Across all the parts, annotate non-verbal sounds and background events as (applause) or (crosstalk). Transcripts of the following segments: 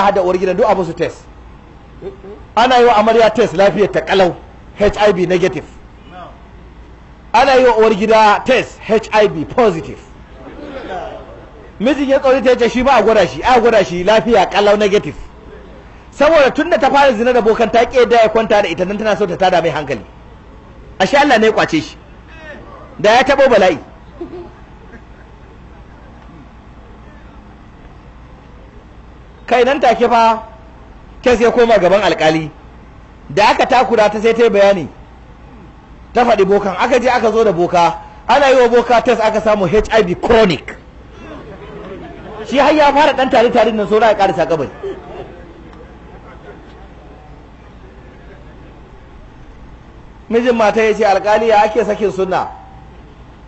ana hada uwar gidan duk a su test ana yi wa amarya test lafiyar ta kalau hiv negative ana yi wa uwar gida test hiv positive mijin ya tsori ta yace shi ba a gwada shi a gwada shi lafiya kalau negative saboda tunda ta fara zina da bokan ta da ya kwanta da ita nan tana so ta tada mai hankali ashe Allah ne ya kwace shi da ya tabo bala'i kai nan take fa kes ya koma gaban alkali da aka takura ta sai ta yi bayani ta faɗi bokan aka je aka zo da boka ana yi wa boka test aka samu hiv chronic shi har ya fara ɗan tare tare nan saura ya sa gabai mijin mata ya ce alkali ya ake sakin sunna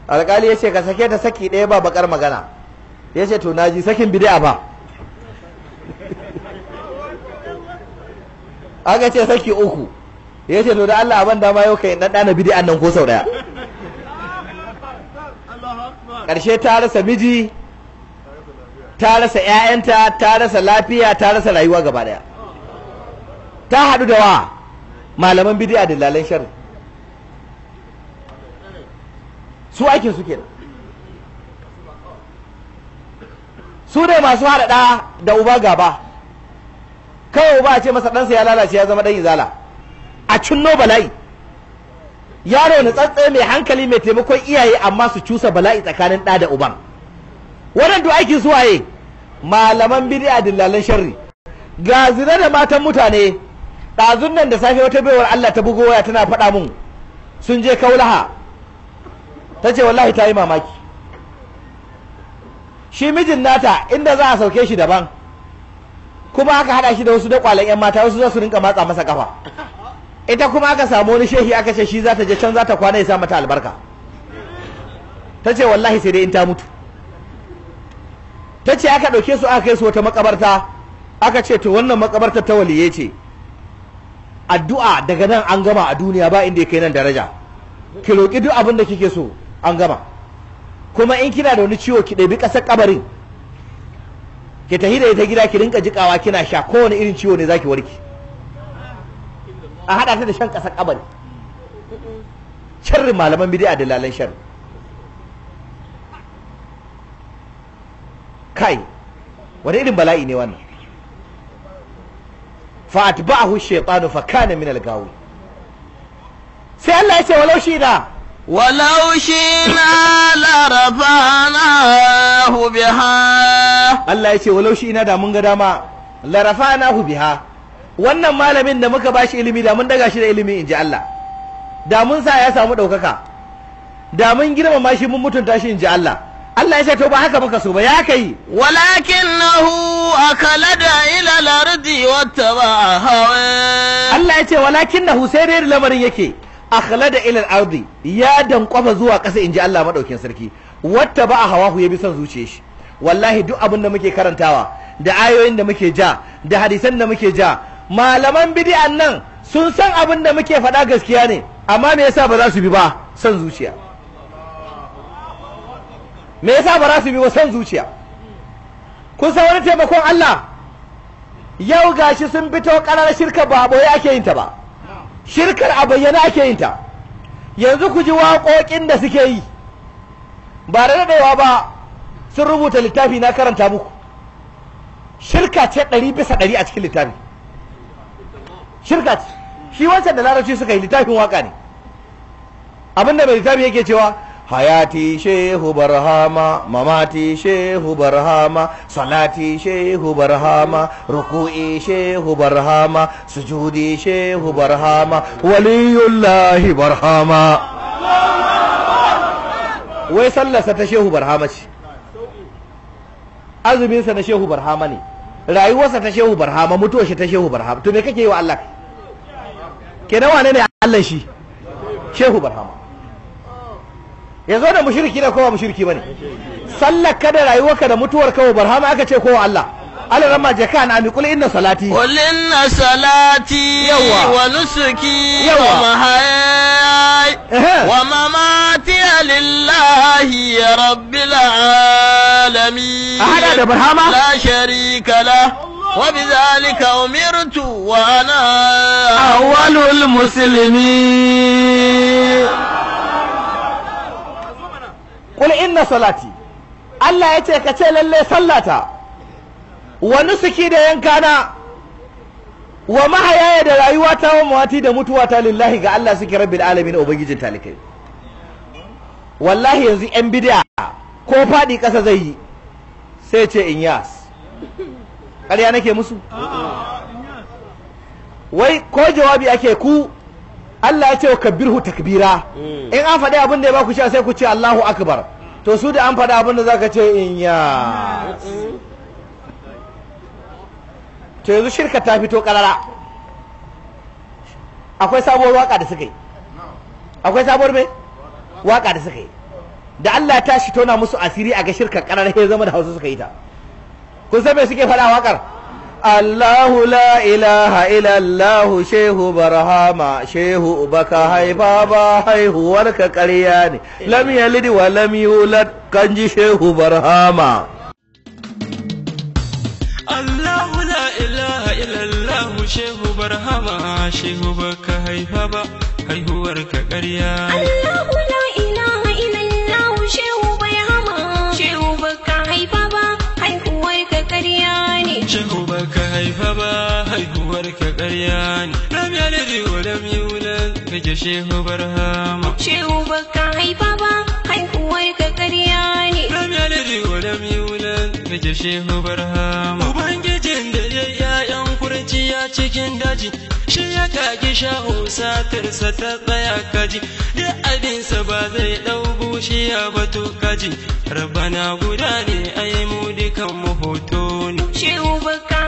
alkali ya ce ka sake ta saki ɗaya ba bakar magana ya ce to naji sakin bid'a ba aka ce saki uku ya ce to da Allah abin da ma yau kai na ɗana bidi'an nan ko sau ɗaya ƙarshe ta rasa miji ta rasa ‘ya'yanta ta rasa lafiya ta rasa rayuwa gaba ɗaya ta haɗu da wa malaman bidiya da lalan shari su ake suke da. su ne masu haɗaɗa da uba gaba kawai ba a ce masa ɗansa ya lalace ya zama ɗan izala a cinno bala'i yaro na tsatsaye mai hankali mai taimakon iyaye amma su cusa bala'i tsakanin ɗa da uban wannan duk aikin su waye malaman bid'a dillalan sharri ga zina da matan mutane ɗazun nan da safe wata baiwar Allah ta bugo waya tana faɗa mun sun je kaulaha ta ce wallahi ta yi mamaki shi mijin nata inda za a sauke shi daban kuma aka hada shi da wasu da kwalan yan mata wasu za su rinka matsa masa kafa ita kuma aka samu wani shehi aka ce shi za ta je can za ta kwana ya sa mata albarka ta ce wallahi sai dai in ta mutu ta ce aka ɗauke su aka kai su wata makabarta aka ce to wannan makabarta ta waliye ce addu'a daga nan an gama a duniya ba inda ya kai nan daraja ki roƙi duk abin da kike so an gama kuma in kina da wani ciwo ki ɗabi ƙasar kabarin ki tahi da ita gida ki rinka jikawa kina sha kowane irin ciwo ne zaki warke a hada ta da shan kasa ƙabar sharri malaman bid'a da lalan sharri kai wani irin bala'i ne wannan fa atba'ahu shaytanu fa kana min al-gawi sai Allah ya ce walau shi da ولو شئنا لرفعناه بها الله يشي ولو شئنا دا من قداما لرفعناه بها wannan malamin da muka bashi ilimi da mun daga shi da ilimi inji Allah da mun sa ya samu ɗaukaka da mun girmama shi mun mutunta shi inji Allah Allah ya ce to ba haka muka so ba ya kai walakinahu akalada ila lardi wattaba hawa Allah ya ce walakinahu sai dai lamarin yake akhla da ilal ardi ya kwafa zuwa ƙasa inji Allah madaukin sarki wata ba a hawahu ya bi son zuciye shi wallahi duk abin da muke karantawa da ayoyin da muke ja da hadisan da muke ja malaman bid'an nan sun san abin da muke faɗa gaskiya ne amma me yasa ba za su bi ba san zuciya me yasa ba za su bi ba son zuciya kun san wani taimakon Allah yau gashi sun fito ƙarar shirka ba ya ake yin ta ba shirkar a bayyana ake yin ta yanzu ku ji waƙoƙin da suke yi ba da daɗewa ba sun rubuta littafi na karanta muku shirka ce ɗari bisa ɗari a cikin littafi shirka ce shi wancan da larabci suka yi littafin waƙa ne abinda mai littafi yake cewa hayati shehu barhama mamati shehu barhama salati shehu barhama ruku'i shehu barhama sujudi shehu barhama waliyullahi barhama wai sallarsa ta shehu barhama ce azuminsa na shehu barhama ne rayuwarsa ta shehu barhama mutuwar shi ta shehu barhama to me kake yi wa Allah kenan wane ne Allah shi shehu barhama yanzu da mushriki ne ko ba mushriki bane sallar ka da rayuwarka da mutuwar ka barhama aka ce kowa Allah Allah rama jaka na mi kul inna salati kul inna salati wa nusuki wa mahayai wa mamati lillahi rabbil alamin a hada da barhama la sharika la وبذلك أمرت وأنا أول المسلمين qul inna salati Allah ya ce ka ce lalle sallata wa nusuki da yankana wa mahayaya da rayuwata wa mawati da mutuwa ta, lillahi ga Allah suke rabbil alamin ubangijin talikai wallahi yanzu yan bid'a ko faɗi ƙasa zai yi sai ce in yas ƙarya nake musu wai ko jawabi ake ku Allah ya ce wa kabbirhu takbira mm. in an faɗi abin da ya baku sha sai ku ce Allahu akbar to su da an faɗi abin da zaka ce in ya to yanzu shirka ta fito karara akwai sabuwar waka da suka yi akwai sabuwar mai waka da suka yi da Allah ya tashi tona musu asiri a ga shirka karara ya zama da Hausa suka yi ta kun san me suke faɗa wakar Allahu la ilaha ila Allahu shehu barahama shehu ubaka hai baba ka karya ne lam yalidi wa lam yulad ji shehu barhama. Allahu la ilaha ila shehu barahama shehu ubaka hai baba ka karya ya shehu barhama shehu baka haifa ba haihuwar ka ƙarya ne lam yalidi wa lam yulad da shehu barhama ubangijin da ya yayan ya cikin daji shi ya kage shaho satarsa ta tsaya kaji da abinsa ba zai ɗau bushiya ba to kaji rabana guda ne ai mu dukan mu hoto ne shehu baka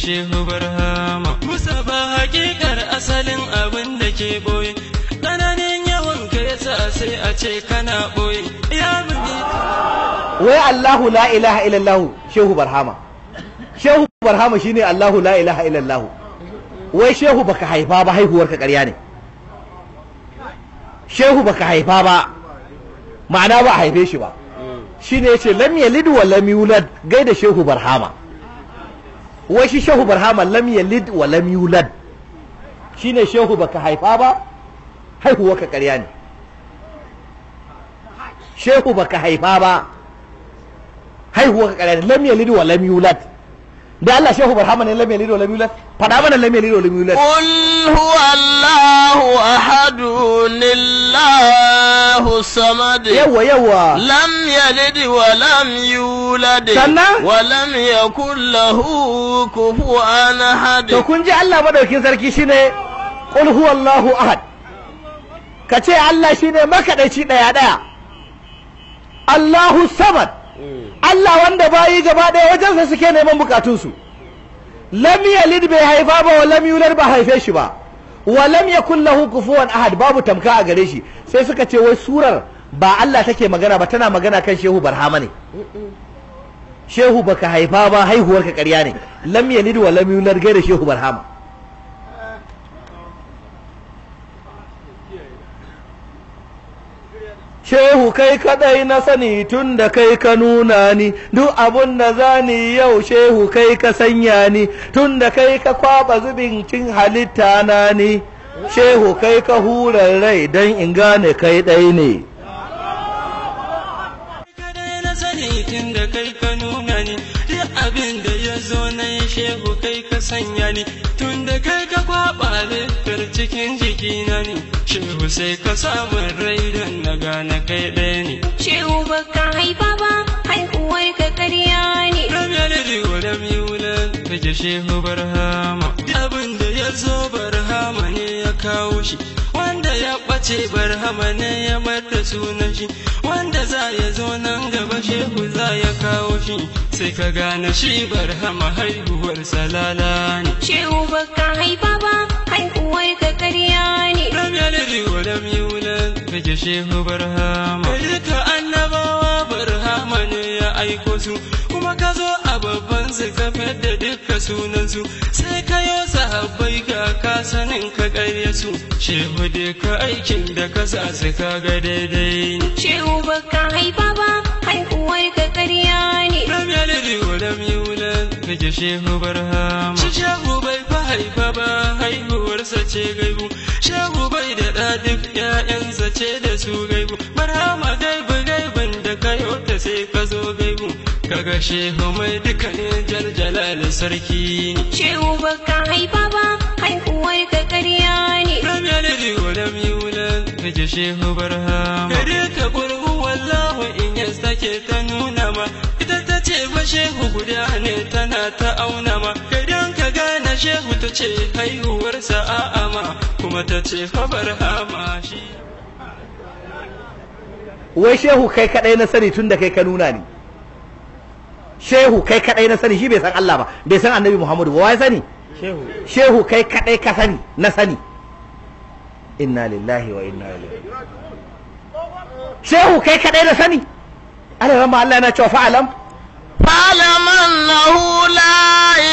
shehu barhama musa ba hakikar asalin abin da ke boye ƙananin yawan ka sa sai a ce kana boye ya muni wai allahu la ilaha illallahu shehu barhama shehu barhama shine allahu la ilaha illallahu wai shehu baka haifa ba haihuwar ka ƙarya ne shehu baka haifa ba ma'ana ba a haife shi ba shine ce lam Lidu wa lam yulad gaida shehu barhama wai shi shehu barhama lam yalid wa lam yulad shine shehu baka haifa ba haihuwa ka ƙarya ne shehu baka haifa ba haihuwa ka ƙarya ne lam yalid wa lam yulad da Allah shehu barhama ne lamai lilo lamai lan faɗa mana lamai lilo lamai lan qul huwa allahu ahad lillahu samad yawa yawa lam yalid wa lam yulad sannan wa lam yakul lahu kufuwan ahad to kun ji Allah madaukin sarki shine qul huwa allahu ahad kace Allah shine makadaici daya daya Allahu samad Allah wanda bayi gaba ɗaya wajensa suke neman bukatunsu lam yalid bai haifa ba wa lam yulad ba haife shi ba wa lam yakun lahu kufuwan ahad babu tamka a gare shi sai suka ce wai surar ba Allah take magana ba tana magana kan shehu barhama ne shehu baka haifa ba haihuwar ka ƙarya ne lam yalid wa lam yulad gare shehu barhama shehu kai kadai na sani tun da kai ka nuna ni duk abun da zani yau shehu kai ka sanya ni tun da kai ka kwaba zubin cin halitta na ni shehu kai ka hurar rai don in gane kai ɗai ne tun da kai abin da ya zo na yi shehu kai ka sanya ni tun da kai ka kwaba cikin jikina ni. Shehu sai ka sabon rai don na gane kai ɗaya ne. Shehu baka haifa ba, haihuwar ka karya ne. Rabia da jiwa da miwulan kake Shehu Barhama. Abin da ya zo Barhama ne ya kawo shi. ce barhama ne ya mata sunan shi wanda za ya zo nan gaba shehu za ya kawo shi sai ka gane shi barhama haihuwar salala ne shehu baka haifa ba haihuwar ka karya ne lam yalidi wa lam wula, kake shehu barhama duka annabawa barhama ne ya aiko su kuma ka zo a babban zikafar da duka sunansu sai ka yo sahabbai ga ka sanin ka karya su ce mu duka aikin da ka sa su ga daidai ne. Shehu baka haifa ba haihuwar ka karya ne. Ram ya lade ram yi wulan nake shehu barhama. Shi shehu bai fa haifa ba haihuwarsa ce gaibu. Shehu bai da ɗa duk ‘ya'yansa ce da su gaibu. Barhama gaibu gaibun da ka yi wata sai ka zo gaibu. Kaga shehu mai duka ne jalali sarki ne. Shehu baka haifa ba ji shehu barhama kare ka gurgu wallahu in ya sake ta nuna ma ita ta ce ba shehu guda ne tana ta auna ma Kare ka gane shehu ta ce haihuwarsa a'ama kuma ta ce fa barhama shi wai shehu kai kadai na sani tun da kai ka nuna ni shehu kai kadai na sani shi bai san Allah ba bai san annabi Muhammadu ba wai sani shehu kai kadai ka sani na sani inna lillahi wa inna ilaihi shehu kai kadai da sani ana rama Allah yana cewa fa'alam fa'alam annahu la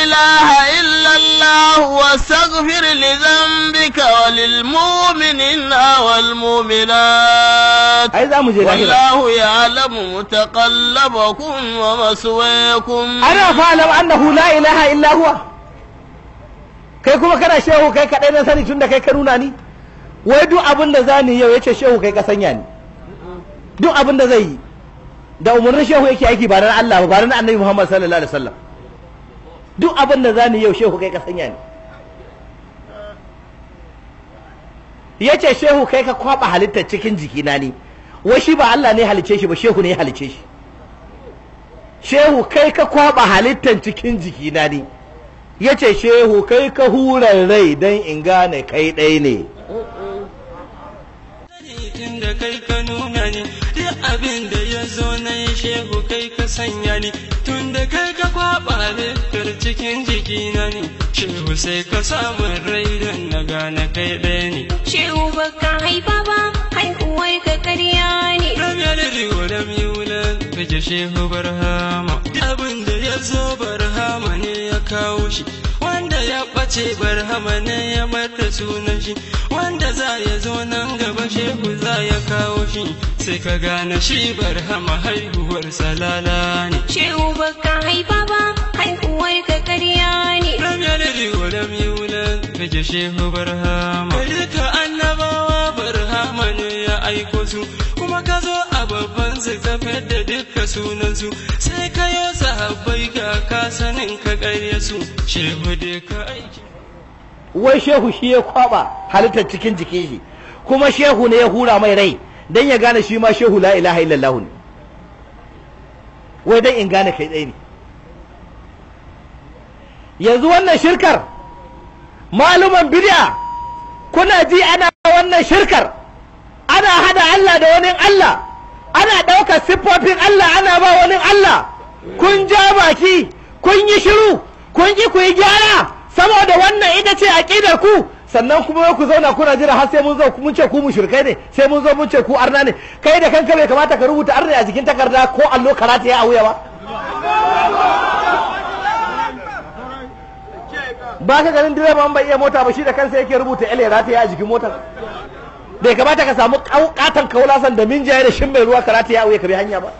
ilaha illa Allah wastaghfir li dhanbika wa lil mu'minina wal mu'minat ai za mu je lahira wallahu ya'lamu mutaqallabakum wa maswaakum ana fa'alam annahu la ilaha illa huwa kai kuma kana shehu kai kadai da sani tunda kai ka nuna ni wai duk abin da zani yau ya ce shehu kai ka sanya ni duk abin da zai yi da umarnin shehu yake aiki ba na Allah ba na Annabi Muhammad sallallahu alaihi wasallam duk abin da zani yau shehu kai ka sanya ni ce shehu kai ka kwaba halittar cikin jikina ne wai shi ba Allah ne halice shi ba shehu ne ya halice shi shehu kai ka kwaba halittar cikin jikina ne ya ce shehu kai ka hurar rai don in gane kai ɗai ne shehu kai ka sanya ni tun da kai ka kwaba liftar cikin jikina ne shehu sai ka samun rai don na gane kai ɗaya ne shehu baka haifa ba haihuwar ka karya ne ram ya dare wa lam shehu barhama abin da ya zo ba ce barhama ne ya mata sunan shi wanda za ya zo nan gaba shehu za ya kawo shi sai ka gane shi barhama haihuwar salala ne shehu baka haifa ba haihuwar ka karya ne lam yalidi wa lam kake shehu barhama duka annabawa barhama ne ya aiko su kuma ka zo a babban zigzafiyar da dukka sunansu sai ka yi sahabbai ga ka sanin ka ƙarya su shehu da ka aiki. wai shehu shi ya kwaba halittar cikin jikin shi kuma shehu ne ya hura mai rai don ya gane shi ma shehu la ilaha illallah ne wai don in gane kai tsaye ne yanzu wannan shirkar maluman bid'a kuna ji ana wannan shirkar ana hada Allah da wani Allah ana ɗaukar siffofin Allah ana ba wani Allah kun ja baki kun yi shiru kun ki ku yi gyara saboda wannan ita ce aƙidar ku sannan kuma ku zauna kuna jira har sai mun zo mun ce ku mushrikai ne sai mun zo mun ce ku arna ne kai da kanka bai kamata ka rubuta arna a jikin takarda ko allo karata ya auya ba ba ka ganin direban bai iya mota ba shi da kansa yake rubuta ele rata ya a jikin motar bai kamata ka samu katon kaulasan da min jaye da shin mai ruwa karata ya auye ka bi hanya ba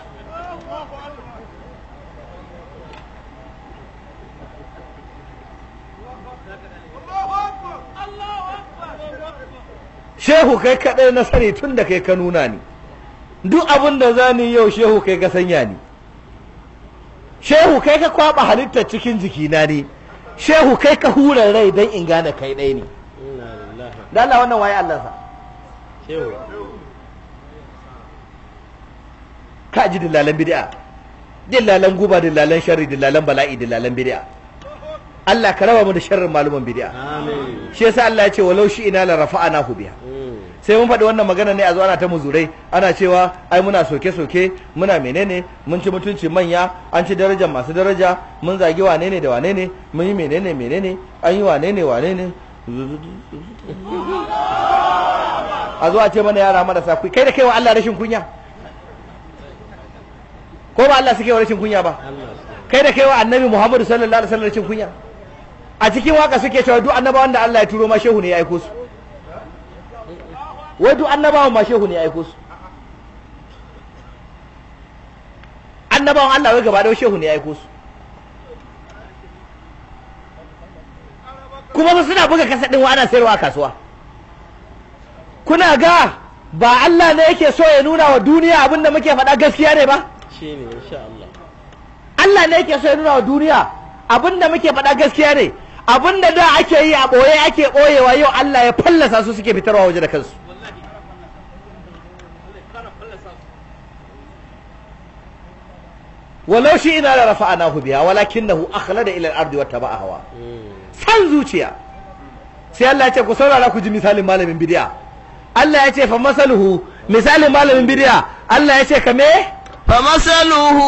shehu kai kaɗai na sani tun da kai ka nuna ni duk abin da za ni yau shehu kai ka sanya ni shehu kai ka kwaba halittar cikin jikina ne shehu kai ka hura rai don in gane kai ɗai ne da Allah wannan waye Allah sa ka ji dillalan bid'a dillalan guba dillalan sharri dillalan bala'i dillalan bid'a Allah ka raba mu da sharrin maluman bid'a amin shi yasa Allah ya ce walau shi ina la hu biha mm. sai mun faɗi wannan magana ne a zo ana ta muzurai ana cewa ai muna soke-soke muna menene mun ci mutunci manya an ci darajar masu daraja mun zagi wane ne da wane ne mun yi menene menene an yi wane ne wane ne a zuwa ce mana yara marasa kunya kai da kai wa Allah rashin kunya ko ba Allah suke wa rashin kunya ba kai da kai wa annabi Muhammadu sallallahu alaihi wasallam rashin kunya a cikin waka suke cewa duk annaba wanda Allah ya turo ma shehu ne ya aiko su wai duk annabawan ma shehu ne ya aiko su annabawan Allah wai gaba da shehu ne ya aiko su kuma ba suna buga kasa ɗin wa ana sayarwa a kasuwa kuna ga ba Allah ne yake so ya nuna wa duniya abin da muke faɗa gaskiya ne ba shine insha Allah Allah ne yake so ya nuna wa duniya abin da muke faɗa gaskiya ne abin da da ake yi a ɓoye ake ɓoyewa yau Allah ya fallasa su suke fitarwa waje da kansu ina da ولو شئنا لرفعناه بها ولكنه أخلد إلى الأرض واتبع هواه san zuciya sai Allah ya ce ku saurara ku ji misalin malamin bidiya Allah ya ce fa masaluhu misalin malamin bidiya Allah ya ce ka me فمثله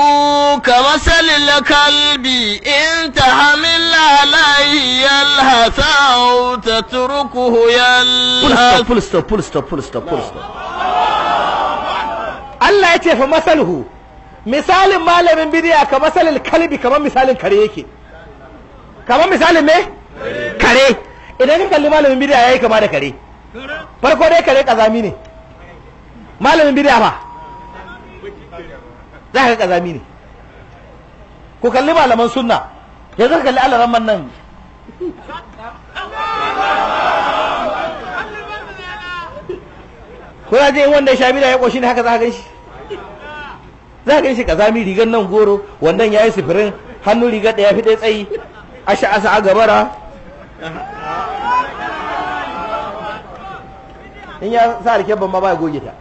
كمثل الكلب إن تحمل عليه يلهث أو تتركه يلهث فول ستوب فول ستوب فول ستوب فول ستوب Allah ya ce fa masaluhu misalin malamin bidiya ka masalin kalbi kamar misalin kare yake kamar misalin me kare idan ka kalli malamin ya yayi kama da kare farko dai kare kazami ne malamin bidiya ba za ka kazami ne ku kalli malaman sunna yanzu ka kalli man nan da je wanda sha bida ya koshi ne haka za ka gan shi za ka gan shi kazami rigar nan goro wannan ya yi sifirin hannu rigar da ya fi ɗaya tsayi a sha'asa a gabara in ya sa alkyabban ma ba goge ta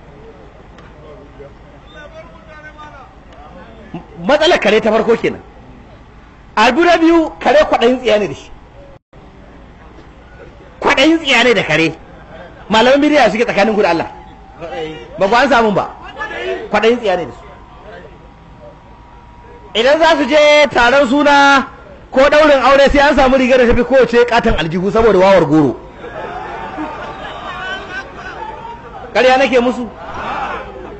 matsalar kare ta farko kenan abu na biyu kare kwaɗayin tsiya ne da shi kwaɗayin tsiya ne da kare malamin biriya suke tsakanin ku da Allah ba ku an samun ba kwaɗayin tsiya ne da su idan za su je taron suna ko ɗaurin aure sai an samu rigar da tafi kowace katan aljihu saboda wawar goro ƙarya nake musu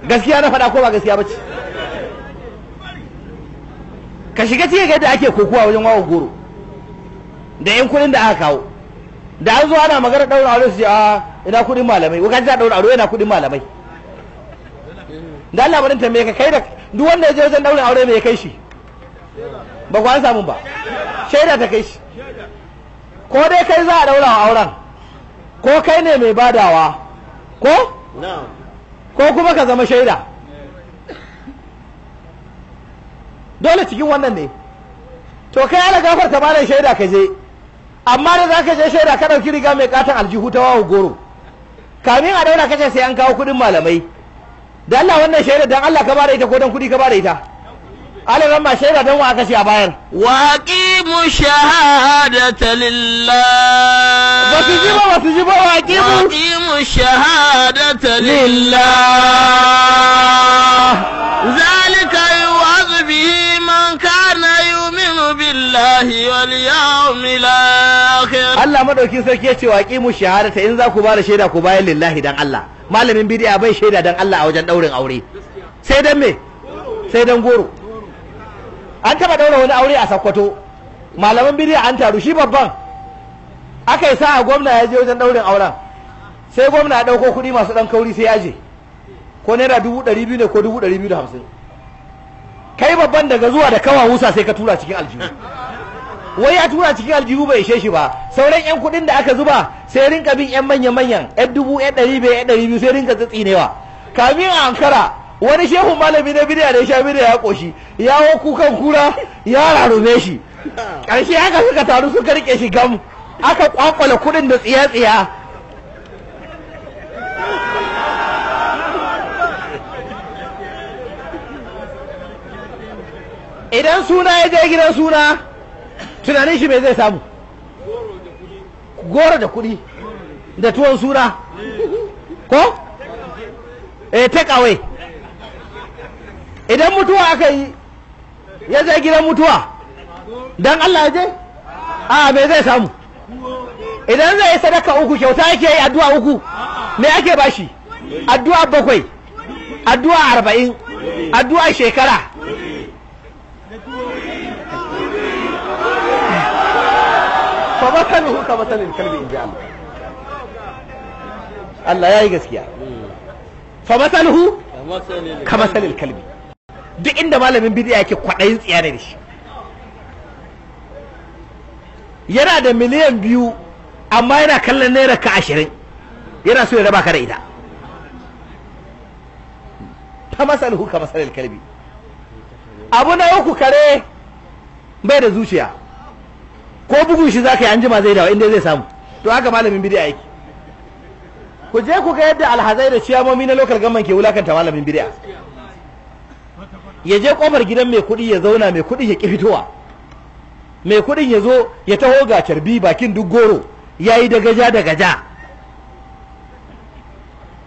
gaskiya na faɗa ko ba gaskiya ba ce ka shiga cikin yadda ake kokowa wajen wawar goro da yan kuɗin da aka kawo da an zo ana magana ɗaurin aure su ce a ah, ina kuɗin malamai wakan ta ɗaurin aure na kuɗin malamai da Allah barin tambaye ka kai da duk wanda ya je wajen ɗaurin aure mai kai shi ba ku an samu ba shaida ta kai shi ko dai kai za a daura a auren ko kai ne mai badawa ko ko kuma ka zama shaida dole cikin wannan ne to kai ana ta malam shaida ka je amma da za ka je shaida ka dauki riga mai katon aljihu ta wawo goro kamin a daura kace sai an kawo kudin malamai da Allah wannan shaida dan Allah ka bada ita ko dan kudi ka bada ita alaran ma shaida don wa aka ce a bayar wa aqimu shahadata lillah ba su ji ba ba su ji ba wa aqimu wa aqimu shahadata lillah zalika yu'adhu bihi man kana yu'minu billahi wal yawmil akhir Allah madaukin sarki ya ce wa aqimu shahadata in za ku ba da shaida ku bayar lillahi dan Allah malamin bid'a bai shaida dan Allah a wajen daurin aure sai dan me sai dan goro an taba daura wani aure a sakkwato malaman bidiya an taru shi babban aka yi sa'a gwamna ya je wajen daurin auren sai gwamna ya dauko kuɗi masu ɗan kauri sai ya je ko naira dubu ɗari biyu ne ko dubu ɗari biyu da hamsin kai babban daga zuwa da kawa wusa sai ka tura cikin aljihu wai a tura cikin aljihu bai ishe shi ba sauran yan kuɗin da aka zuba sai rinka bin yan manya manyan yan dubu yan ɗari biyu yan ɗari biyu sai rinka tsitsinewa. kamin a ankara wani shehu malami na bidiya da ya sha bidiya ya koshi ya kukan kura ya rarume shi ƙarshe aka suka taru suka rike shi gam aka kwakwala kudin da tsiya-tsiya idan suna ya je gidan suna tunanin shi mai zai samu goro da kudi da tuwon suna ko? eh take away idan mutuwa aka yi ya zai gidan mutuwa don Allah ya je a me zai samu idan zai yi sadaka uku kyauta yake yi addu'a uku me ake bashi addu'a bakwai addu'a arba'in addu'a shekara فمثله كمثل الكلب إن Allah ya yi gaskiya ka كمثل kalbi. duk inda malamin bid'a yake kwaɗayin tsiya shi yana da miliyan biyu amma yana kallon naira ka ashirin yana so ya raba ka da ita ta masalhu ka masalil kalbi abu na uku kare bai da zuciya ko bugun shi za ka yi anjima zai dawa inda zai samu to haka malamin bidiya yake ku je ku ga yadda alhazai da ciyamomi na lokal gamman ke wulakanta malamin bidiya ya je kofar gidan mai kuɗi ya zauna mai kuɗi ya ƙifitowa mai kuɗin ya zo ya taho ga carbi bakin duk goro ya yi da gaja da gaja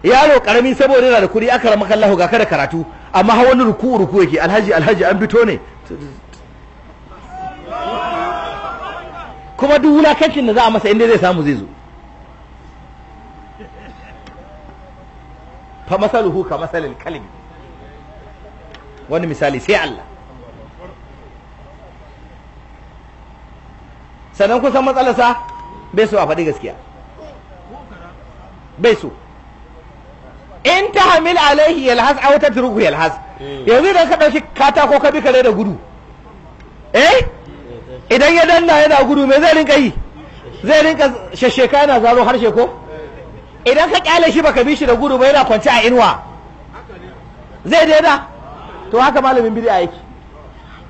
yaro karami saboda yana da kuɗi aka rama kallahu ga kada karatu amma hawan ruku ruku yake alhaji alhaji an fito ne kuma duk wulakancin da za a masa inda zai samu zai zo fa masaluhu ka masalin kalbi wani misali sai Allah sannan kusan matsalarsa bai so a faɗi gaskiya bai so in ta hamil alaihi yalhas a wata turuku yalhas eh. yanzu idan ka ɗauki katako ka bi kare da gudu eh idan ya danna yana gudu mai zai rinka yi zai rinka shasheka yana zaro harshe ko idan ka kyale shi baka bi shi da gudu ba yana kwance a inuwa zai daida to haka malamin bid'a yake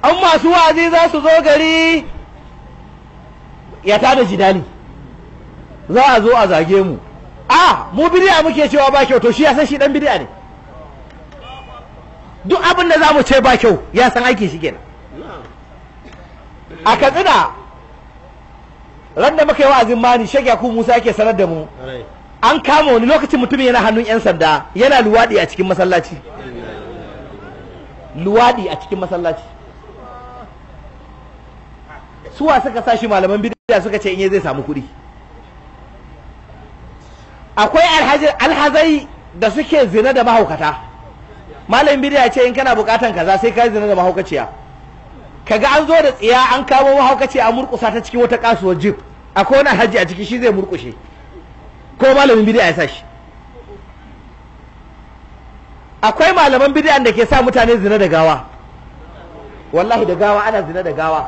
an masu wa'azi za su zo gari ya da jidali za a zo a zage mu a mu bid'a muke cewa ba kyau to shi ya san shi dan bid'a ne duk abin da za mu ce ba kyau ya san aiki shi kenan a katsina ran da muka yi wa'azin mani shek yakubu musa yake sanar da mu an kama wani lokacin mutumin yana hannun yan sanda yana luwaɗi a cikin masallaci luwaɗi a cikin masallaci suwa suka sa shi malaman bid'a suka ce in zai samu kuɗi akwai alhazai da suke zina da mahaukata malamin bid'a ce in kana bukatan kaza sai ka zina da mahaukaciya kaga an zo da tsiya an kawo mahaukaciya a murkusa ta cikin wata kasuwar jib akwai wani alhaji a ciki shi zai murkushe ko malamin bid'a ya sa shi akwai malaman bid'an da ke sa mutane zina da gawa wallahi da gawa ana zina da gawa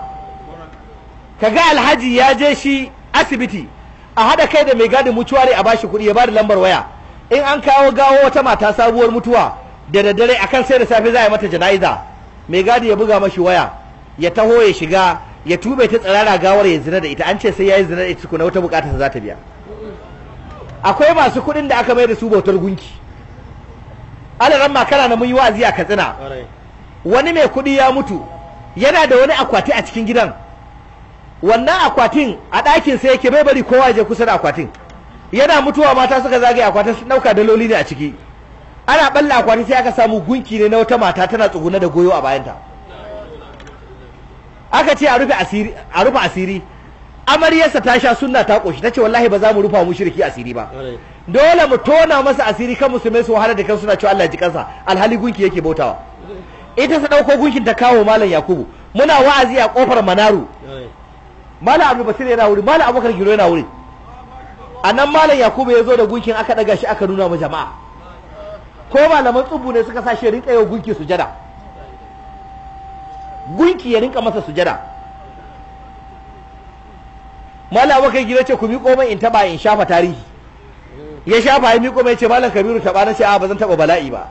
kaga alhaji ya je shi asibiti a haɗa kai da mai gadin mutuwari a bashi kuɗi ya bada lambar waya in an kawo gawo wata mata sabuwar mutuwa da daddare akan sai da safe za a yi mata jana'iza mai gadi ya buga mashi waya ya taho ya shiga ya tube ta tsirara gawar ya zina da ita an ce sai ya yi zina da ita kuna wata bukatar za ta biya akwai masu kuɗin da aka mai da su bautar gunki alaran makara na mun yi wa'azi a katsina wani mai kuɗi ya mutu yana da wani akwati a cikin gidan wannan akwatin a ɗakin sai yake bai bari kowa je kusa da akwatin yana mutuwa mata suka zagaye akwatin sun ɗauka daloli ne a ciki ana balla akwati sai aka samu gunki ne na wata mata tana tsuguna da goyo a bayanta aka ce a rufe asiri a rufe asiri amaryarsa ta sha sunna ta koshi tace wallahi ba za mu rufa mu shirki asiri ba dole mu tona masa asiri kan musulmai su wahala da kan suna cewa Allah ji kansa alhali gunki yake bautawa ita ta dauko gunkin ta kawo malam Yakubu muna wa'azi a kofar Manaru malam Abdul Basir yana wuri malam Abubakar Giro yana wuri anan malam Yakubu ya zo da gunkin aka daga shi aka nuna ma jama'a ko malaman tsubu ne suka sa shi rinka yau gunki sujada gunki ya rinka masa sujada malam Abubakar Giro ce ku bi komai in taba in shafa tarihi ya shafa ya miko mai ce malam kabiru taɓa na ce a ba zan taɓa bala'i ba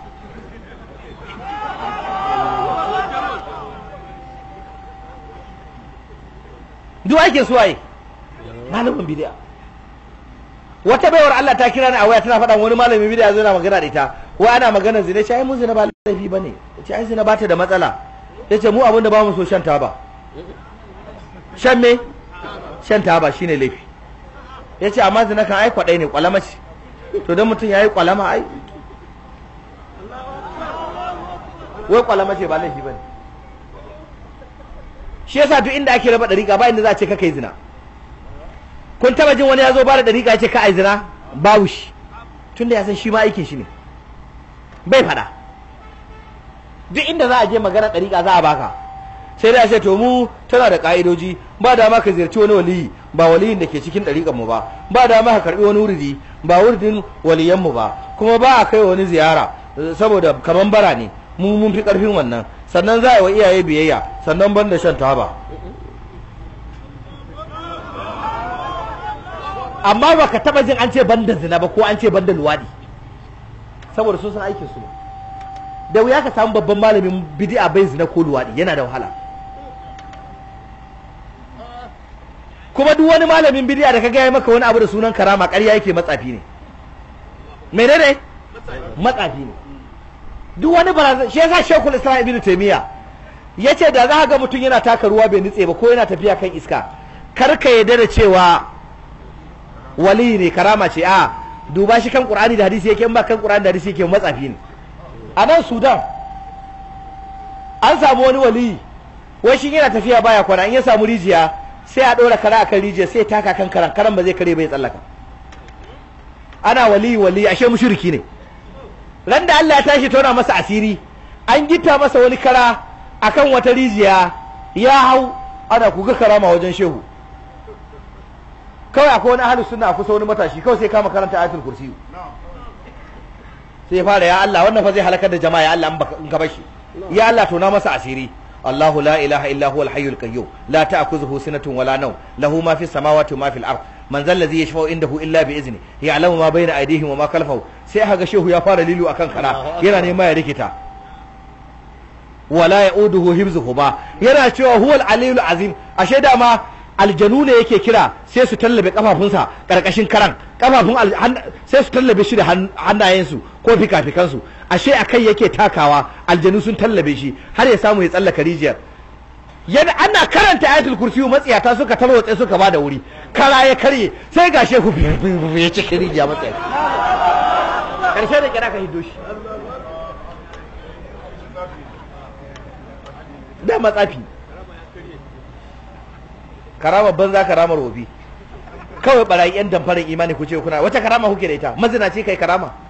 duk ake suwaye malamin bidiya wata baiwar Allah ta kira ni a waya tana faɗa wani malamin bidiya zo na magana da ita wa ana magana zina ce ai mun zina ba laifi bane ce ai zina bata da matsala yace mu abinda ba mu so shan taba shan me shan taba shine laifi yace amma zina kan ai kwadai ne kwalama to don mutum ya yi kwalama ai wai kwalama ce ba laifi ba ne shi yasa duk inda ake raba ɗariƙa ba inda za a ce kaka zina kun taba jin wani ya zo ba da ɗariƙa ya ce ka yi zina babu shi da ya san shi ma aikin shi ne bai faɗa duk inda za a je magana ɗariƙa za a baka sai dai a ce to mu tana da ka'idoji ba dama ka ziyarci wani waliyi ba waliyin da ke cikin ɗariƙar mu ba ba dama ka karɓi wani wuridi ba wurdin waliyan mu ba kuma ba a kai wani ziyara saboda kaman bara ne mu mun fi ƙarfin wannan sannan za a yi wa iyaye biyayya sannan ban da shan taba amma ba ka taɓa jin an ce ban da zina ba ko an ce ban da luwaɗi saboda sun san aikinsu ne da wuya ka samu babban malamin bidi'a bai zina ko luwaɗi yana da wahala kuma duk wani malamin bidiya da ka gaya maka wani abu da sunan karama ƙarya yake matsafi ne menene matsafi ne duk wani barazan shi yasa shekul islam ibnu taymiya yace da za ga mutum yana taka ruwa bai nitse ba ko yana tafiya kan iska kar ka yarda da cewa wali ne karama ce a duba shi kan qur'ani da hadisi yake ba kan qur'ani da hadisi yake matsafi ne a nan sudan an samu wani wali wai shi yana tafiya baya kwana in ya samu rijiya sai a ɗora kara a kan rijiya sai taka kan karan karan ba zai kare bai tsallaka ana wali wali ashe mushriki ne ran da Allah ya tashi tona masa asiri an gita masa wani kara akan wata rijiya ya hau ana kuka karama wajen shehu kawai akwai wani ahlus sunna kusa wani matashi kawai sai kama karanta ayatul kursi sai fara ya Allah wannan fa zai halakar da jama'a ya Allah in ka bashi ya Allah tona masa asiri Allahu la ilaha illa huwal hayyul qayyum la ta'khudhuhu sinatun wala nawm lahu ma fis samawati ma fil ard man zal ladhi yashfa'u indahu illa bi izni ya'lamu ma bayna aydihim wa ma khalfahum sai haga shehu ya fara lilu akan kara yana nema ya rikita wala ya'uduhu hibzuhuma yana cewa huwal aliyul azim ashe da ma aljanu ne yake kira sai su tallabe kafafunsa karkashin karan kafafun sai su tallabe shi da hannayensu ko fikafikansu ashe kai yake takawa aljanu sun tallabe shi har ya samu ya tsallaka rijiyar yana ana karanta ayatul kursi ta suka tarwatse suka bada wuri kara ya karye sai ga shehu (laughs) ya cike rijiya matsaya karshe da kira ka hiddo shi da matsafi karama banza karamar wobi kawai barayi yan damfarin imani ku ce kuna wata karama kuke da ita mazina ce kai karama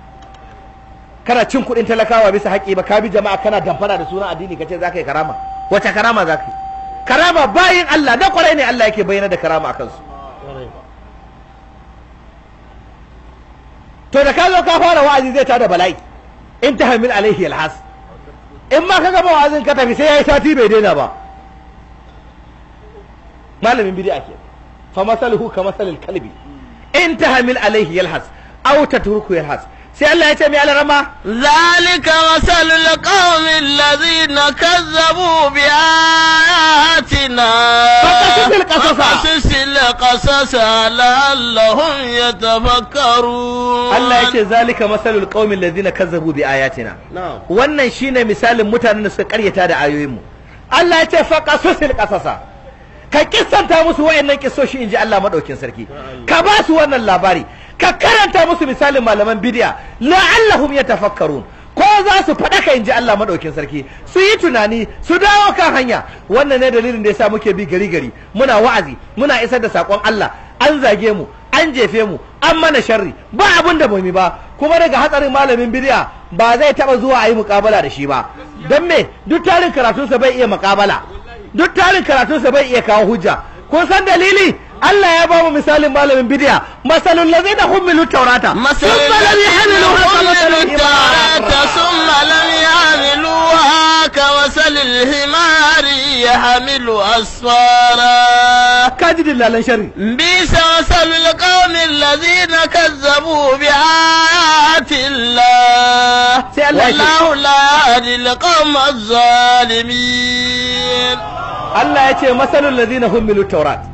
kana cin kuɗin talakawa bisa haƙƙi ba ka bi jama'a kana damfara da sunan addini ka ce za ka yi karama wace karama za ka yi karama bayin Allah na kwarai ne Allah yake bayyana da karama a kansu to da ka zo ka fara wa'azi zai tada bala'i in ta hamil alaihi alhas in ma ka gaba wa'azin ka tafi sai yi sati bai daina ba malamin bid'a ke fa masaluhu ka masalil kalbi in ta hamil alaihi yalhas aw tatruku yalhas sai Allah ya ce mai alarama zalika masalul qaumin ladhina kazzabu bi ayatina qasasa la'allahum Allah ya ce zalika masalul qaumin kazzabu bi ayatina wannan shine misalin mutanen da suka karyata da ayoyinmu Allah ya ce faqasil qasasa ka kissanta musu wayannan kissoshi inji Allah madaukin sarki ka ba su wannan labari ka karanta musu misalin malaman bidiya la'allahum tafakkaru. ko za su faɗa ka inji Allah maɗaukin sarki su yi tunani su dawo kan hanya wannan ne dalilin da ya sa muke bi gari gari muna wa'azi muna isar da sakon Allah an zage mu an jefe mu an mana sharri ba abun da yi ba kuma daga hatsarin malamin bidiya ba zai taba zuwa a yi mukabala da shi ba don me duk tarin karatunsa bai iya mukabala duk tarin karatunsa bai iya kawo hujja kun san dalili Allah ya ba mu misalin malamin bidiya masalul ladzina hummilu tawrata thumma lam yahmiluha kamasalil tawrata thumma lam yahmiluha kawasalil himari yahmilu kazzabu bi ayati Allah wallahu la qawma Allah ya ce masalul ladzina hummilu tawrata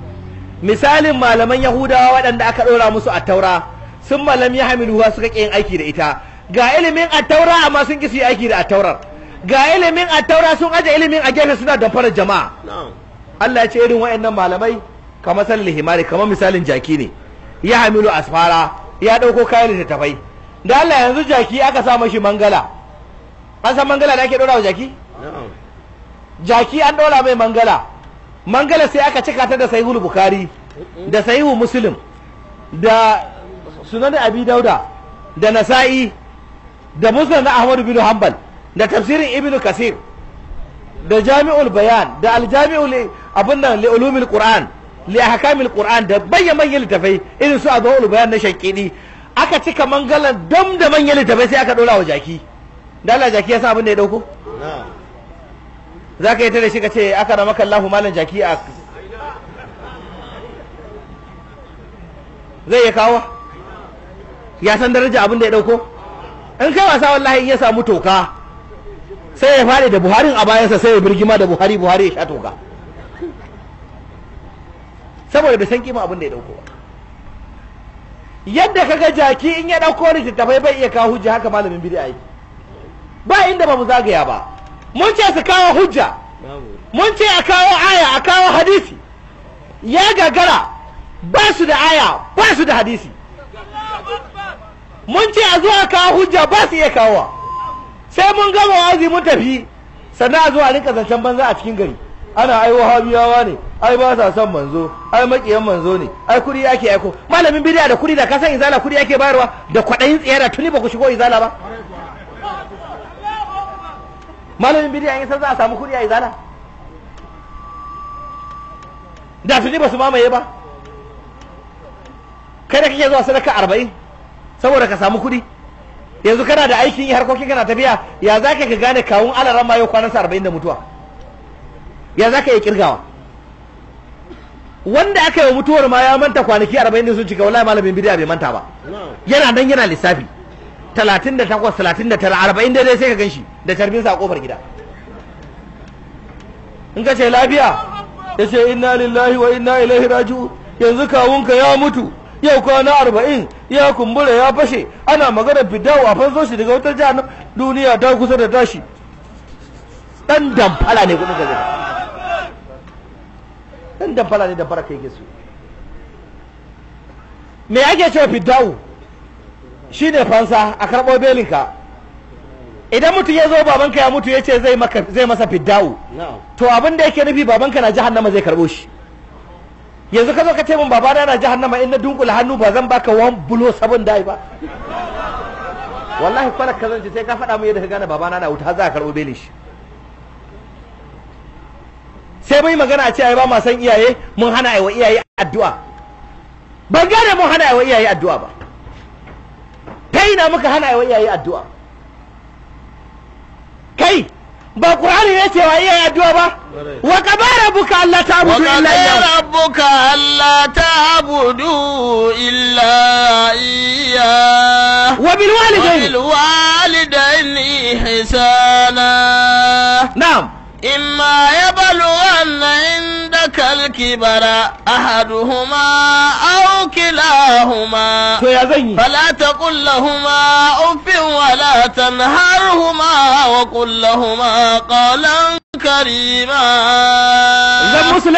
misalin malaman yahudawa waɗanda aka ɗora musu a taura sun malam ya hamiluwa suka ƙi yin aiki da ita ga ilimin a taura amma sun kisi su aiki da a taurar ga ilimin a taura sun aje ilimin a gefe suna damfarar jama'a Allah ya ce irin waɗannan malamai kamar san lihimari kamar misalin jaki ne ya hamilu asfara ya ɗauko kayan littattafai da Allah yanzu jaki aka sa mashi mangala an san mangala da ake ɗora wa jaki jaki an ɗora mai mangala mangala sai aka cika ta da sahihul bukhari da sahihu muslim da sunan abi dauda da nasa'i da musnad na ahmad bin hanbal da tafsirin ibnu kasir da jami'ul bayan da aljami'ul abin nan li ulumil qur'an li ahkamil qur'an da bayan manyan littafai irin su adawul bayan na shankidi aka cika mangalan dam da manyan littafai sai aka dora wa jaki da Allah jaki ya abin da ya dauko na'am za ka yi ta da shi ka ce aka rama kallahu malam jaki a zai yi kawo ya san daraja abin da ya dauko in kai wasa wallahi in ya samu toka sai ya fare da buharin a bayansa sai ya birgima da buhari buhari ya sha toka saboda bai san kima abin da ya dauko yadda yadda kaga jaki in ya dauko littattafai bai iya kawo hujja haka malamin bid'a yi ba inda ba mu zagaya ba mun ce su kawo hujja mun ce a kawo aya a kawo hadisi ya gagara ba su da aya ba su da hadisi mun ce a zuwa kawo hujja ba su iya kawowa sai mun gama wazi mun tafi sannan a zuwa rinka zancen banza a cikin gari ana ai wahabiyawa ne ai ba sa son manzo ai makiyan manzo ne ai kuri yake aiko malamin bidiya da kuri da kasan izala kuri yake bayarwa da kwadayin tsiyara tuni ba ku shigo izala ba malamin bidiya in san za a samu kudi a izala da su ji ba su mamaye ba kai da kake zuwa sadaka arba'in saboda ka samu kuɗi? yanzu kana da aikin yi harkokin kana tafiya ya za ka gane kawun alaran ma yau kwanansa arba'in da mutuwa ya za ka yi kirgawa wanda aka yi mutuwar ma ya manta kwanaki arba'in da sun cika wallahi malamin bidiya bai manta ba yana nan yana lissafi talatin da takwas talatin da tara arba'in dai sai ka gan shi da tarbinsa a kofar gida in ka ce lafiya ya ce inna lillahi wa inna ilaihi raju yanzu kawunka ya mutu yau kwana arba'in ya kumbura ya fashe ana magana fidawo a fanso shi daga wutar jihar duniya ta kusa da tashi dan damfala ne kudin gaza dan damfala ne da baraka yake su me ake cewa fidawo shi ne fansa a karɓo belinka idan mutum ya zo babanka ya mutu ya ce zai masa fiddawu to abin da yake nufi babanka na jahannama zai karɓo shi yanzu ka zo ka ce min babana na jahannama in na dunkula hannu ba zan baka wan bulo sabon dai ba wallahi kwalar ka zance sai ka faɗa mu yadda ka gane babana na wuta za a karɓo belin shi sai mai magana a ce ai ba ma san iyaye mun hana wa iyaye addu'a ban gane mun hana wa iyaye addu'a ba ta ina muka hana wa iyaye addu'a kai ba Qur'ani ne cewa iyaye addu'a ba wa qadara buka Allah ta'budu illa iyyahu wa rabbuka Allah ta'budu illa iyyahu wa bil walidayni bil walidayni ihsana na'am imma yablughanna الكبر أحدهما أو كلاهما فلا تقل لهما أف ولا تنهرهما وقل لهما قولا كريما زمس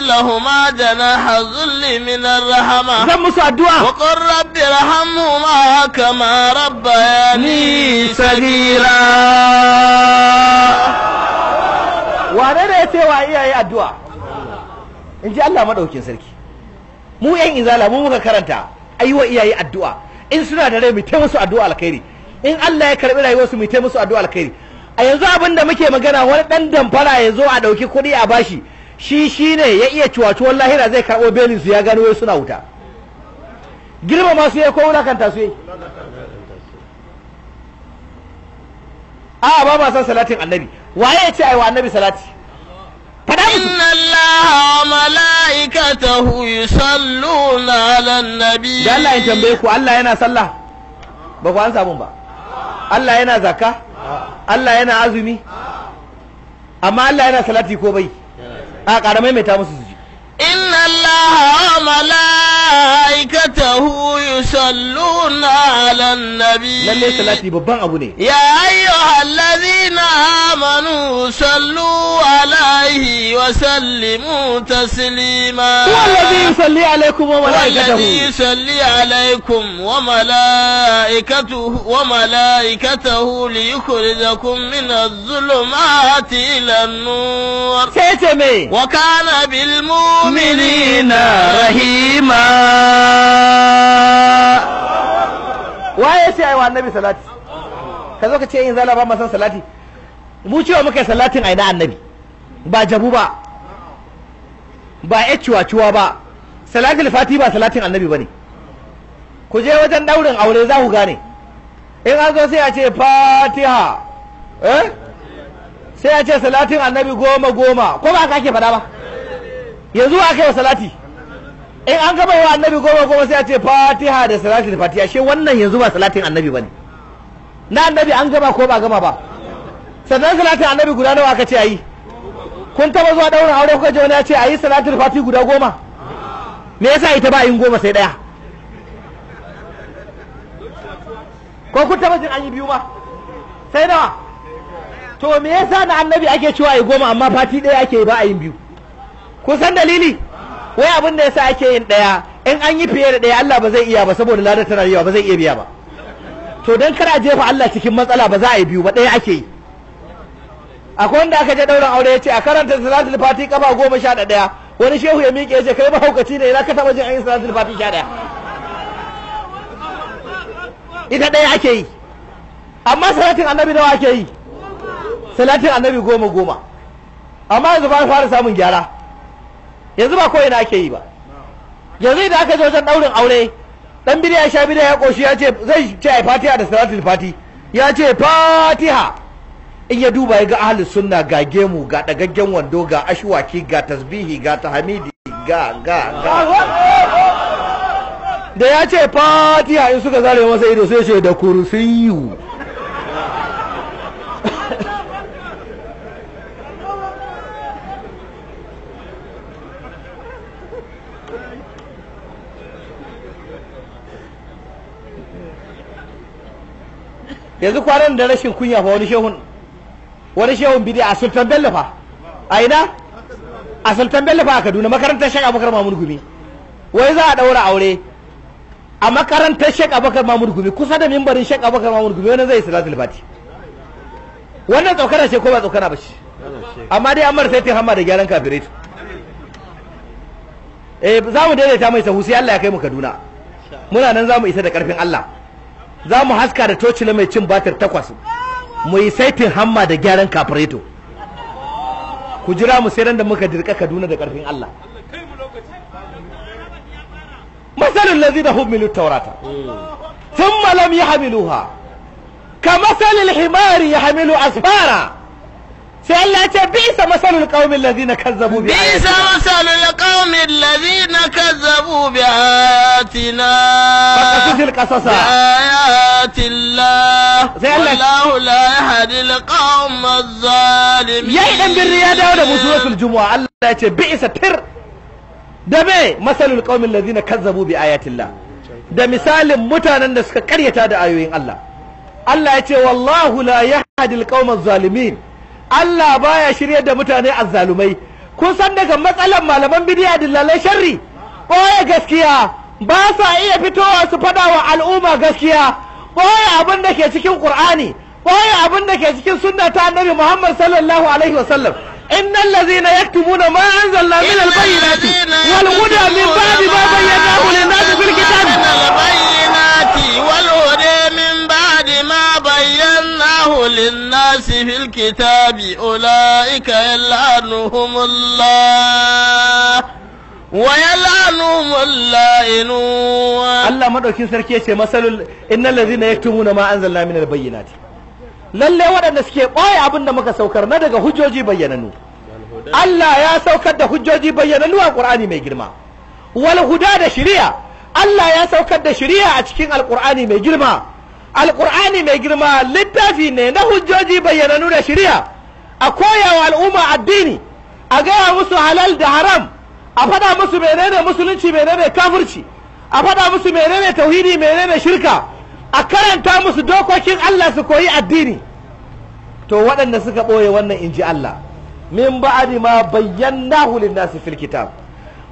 لهما جناح الذل من الرحمة الدعاء وقل رب ارحمهما كما ربياني صغيرا wane da ya wa iyaye addu'a in ji Allah maɗaukin sarki mu yan izala mu muka karanta yi wa iyaye addu'a in suna da rai mu taimu addu'a alkhairi in Allah ya karbi rayuwar su mu taimu addu'a alkhairi a yanzu abin da muke magana wani dan damfara ya zo a ɗauki kuɗi a bashi shi shine ya iya ciwaciwon lahira zai karɓo belin su ya gano wai suna wuta ma su ya ko wulakanta su a'a ba ma san salatin annabi waye ya ce ai wa annabi salati fada musu inna allaha wa malaikatahu yusalluna ala annabi ga Allah ya tambaye ku Allah yana sallah ba ku an samu ba Allah yana zakka Allah yana azumi amma Allah yana salati ko bai a karamai mai ta musu إن الله وملائكته يصلون على النبي يا أيها الذين آمنوا صلوا عليه وسلموا تسليما والذي يصلي عليكم وملائكته والذي يصلي عليكم وملائكته وملائكته ليخرجكم من الظلمات إلى النور وكان بالمؤمنين بالمؤمنين رحيما waye sai aiwa annabi salati ka zo ka ce in zala ba masan salati mu cewa muka salatin aina annabi ba jabu ba ba ya ciwa ba salatul fati ba salatin annabi bane ku je wajen daurin aure za ku gane in an zo sai a ce fatiha eh sai a ce salatin annabi goma goma ko ba ka ke faɗa ba yanzu aka yi wa salati in an gaba wa annabi goma goma sai a ce fatiha da salati da fatiha shi wannan yanzu ba salatin annabi ba ne na annabi an gaba ko ba gama ba sannan salatin annabi guda nawa aka ce a yi kun taba zuwa daura aure kuka ji wani ya ce a yi salatin fati guda goma me yasa ita ba yin goma sai daya ko kun taba jin an yi biyu ba sai nawa to me yasa na annabi ake cewa yi goma amma fati daya ake ba a yin biyu kun san dalili wai abin da yasa ake yin daya in an yi fiye da daya Allah ba zai iya ba saboda ladar tana yawa ba zai iya biya ba to dan kar a jefa Allah cikin matsala ba za a yi biyu ba daya ake yi akwai wanda aka je dauran aure ya ce a karanta salatul fati kaba goma sha wani shehu ya miƙe ya ce kai mahaukaci ne ina ka taba jin an yi salatul fati sha ɗaya ita ɗaya ake yi amma salatin annabi nawa ake yi salatin annabi goma goma amma yanzu ba fara samun gyara yanzu ba ko ina ake yi ba yanzu idan aka je wajen daurin aure dan bidiya sha bidiya ya koshi ya ce zai ce ai fatiha da salatul fati ya ce fatiha in ya duba ya ga ahli sunna ga gemu ga dagaggen wando ga ashwaki ga tasbihi ga tahmidi ga ga ga da ya ce fatiha in suka zare masa ido sai ce da kursiyu yanzu kwanan da rashin kunya fa wani shehun wani shehun bidi a sultan bello fa a ina a sultan bello fa a kaduna makarantar shek abubakar mamun gumi wai za a daura aure a makarantar shek abubakar mamun gumi kusa da mimbarin shek abubakar mamun gumi wani zai salatul fati wannan tsokana ce ko ba tsokana ba ce amma dai amar sai ta hama da gyaran kafirai eh za mu daidaita mai sahusi Allah ya kai mu kaduna muna nan za mu isa da karfin Allah za mu haska da na mai cin batir takwas mu yi saitin hamma da gyaran kafureto ku jira mu sai da muka dirka kaduna da karfin Allah masalin lazi da humilu taurata sun malam ya ha. ka masalin himari ya hamilu asfara sai Allah ya ce bisa masalul qaumin ladina kazzabu bi bisa masalul qaumin ladina kazzabu bi ayatina faqasul qasasa ayati Allah wallahu la yahdi al qaum adh-dhalimin yayi dan birri ya dawo da musulatul jumu'a Allah ya ce bisa tir da me masalul qaumin ladina kazzabu bi ayati da misalin mutanen da suka karyata da ayoyin Allah Allah ya ce wallahu la yahdi al qaum adh-dhalimin Allah baya shirye da mutane azzalumai kun san daga matsalar malaman bidiya dillalai sharri ɓoye gaskiya ba sa iya fitowa su faɗawa wa al'umma gaskiya ɓoye abin da ke cikin ƙur'ani ɓoye abin da ke cikin sunna ta annabi muhammad sallallahu alaihi wasallam إن الذين يكتمون ما min من البينات Wal من min ما بيناه للناس في الكتاب البينات والهدى من بعد ما بيناه الله للناس في الكتاب أولئك يلعنهم الله ويلعنهم اللائنون الله مدوكين سركي مثل إن الذين يكتمون ما أنزلنا من البينات lalle waɗanda suke ɓoye abin da muka saukar na daga hujjoji bayyananu Allah ya saukar da hujjoji bayyananu a Qur'ani mai girma wal huda da shari'a Allah ya saukar da shari'a a cikin Alƙur'ani mai girma alkur'ani mai girma littafi ne na hujjoji bayyananu da shirya a koyawa al'umma addini a gaya musu halal da haram a faɗa musu menene musulunci menene kafirci a faɗa musu menene tauhidi menene shirka a karanta musu dokokin Allah su koyi addini to waɗanda suka ɓoye wannan inji Allah min ba'adi ma bayyana lin-nasi fil kitab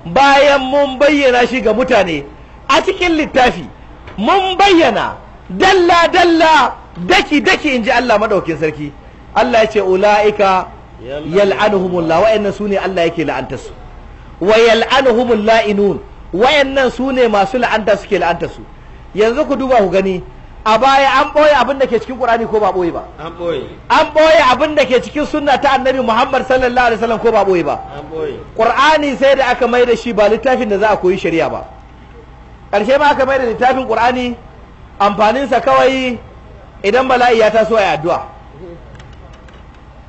bayan mun bayyana shi ga mutane a cikin littafi mun bayyana dalla dalla daki daki in ji Allah madaukin sarki Allah ya ce ulaika yal'anuhumullah wayannan sune Allah yake la'anta su wa yal'anuhumul la'inun wayannan sune masu la'anta suke la'anta yanzu ku duba ku gani a baya an ɓoye abin da ke cikin Qur'ani ko ba ɓoye ba an ɓoye an ɓoye abin da ke cikin sunna ta annabi Muhammad sallallahu alaihi wasallam ko ba ɓoye ba an ɓoye Qur'ani sai da aka mai da shi ba littafin da za a koyi shari'a ba ƙarshe ma aka mai da littafin Qur'ani amfaninsa kawai idan bala'i ya taso a addu'a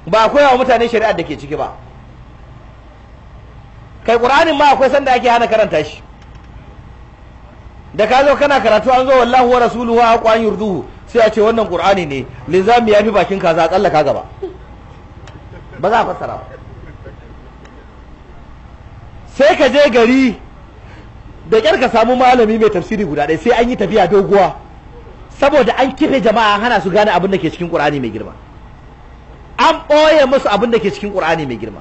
ba akwai wa mutane shari'ar da ke ciki ba kai ƙur'anin ma akwai sanda ake hana karanta shi da ka zo kana karatu an zo wallahu wa rasuluhu wa aqwan yurduhu sai a ce wannan ƙur'ani ne linzami yafi bakin kaza a tsallaka gaba ba za a fassara ba sai ka je gari da kyar ka samu malami mai tafsiri guda ɗaya sai an yi tafiya doguwa saboda an kife jama'a hana su gane abin da ke cikin Qur'ani mai girma an ɓoye musu abin da ke cikin Qur'ani mai girma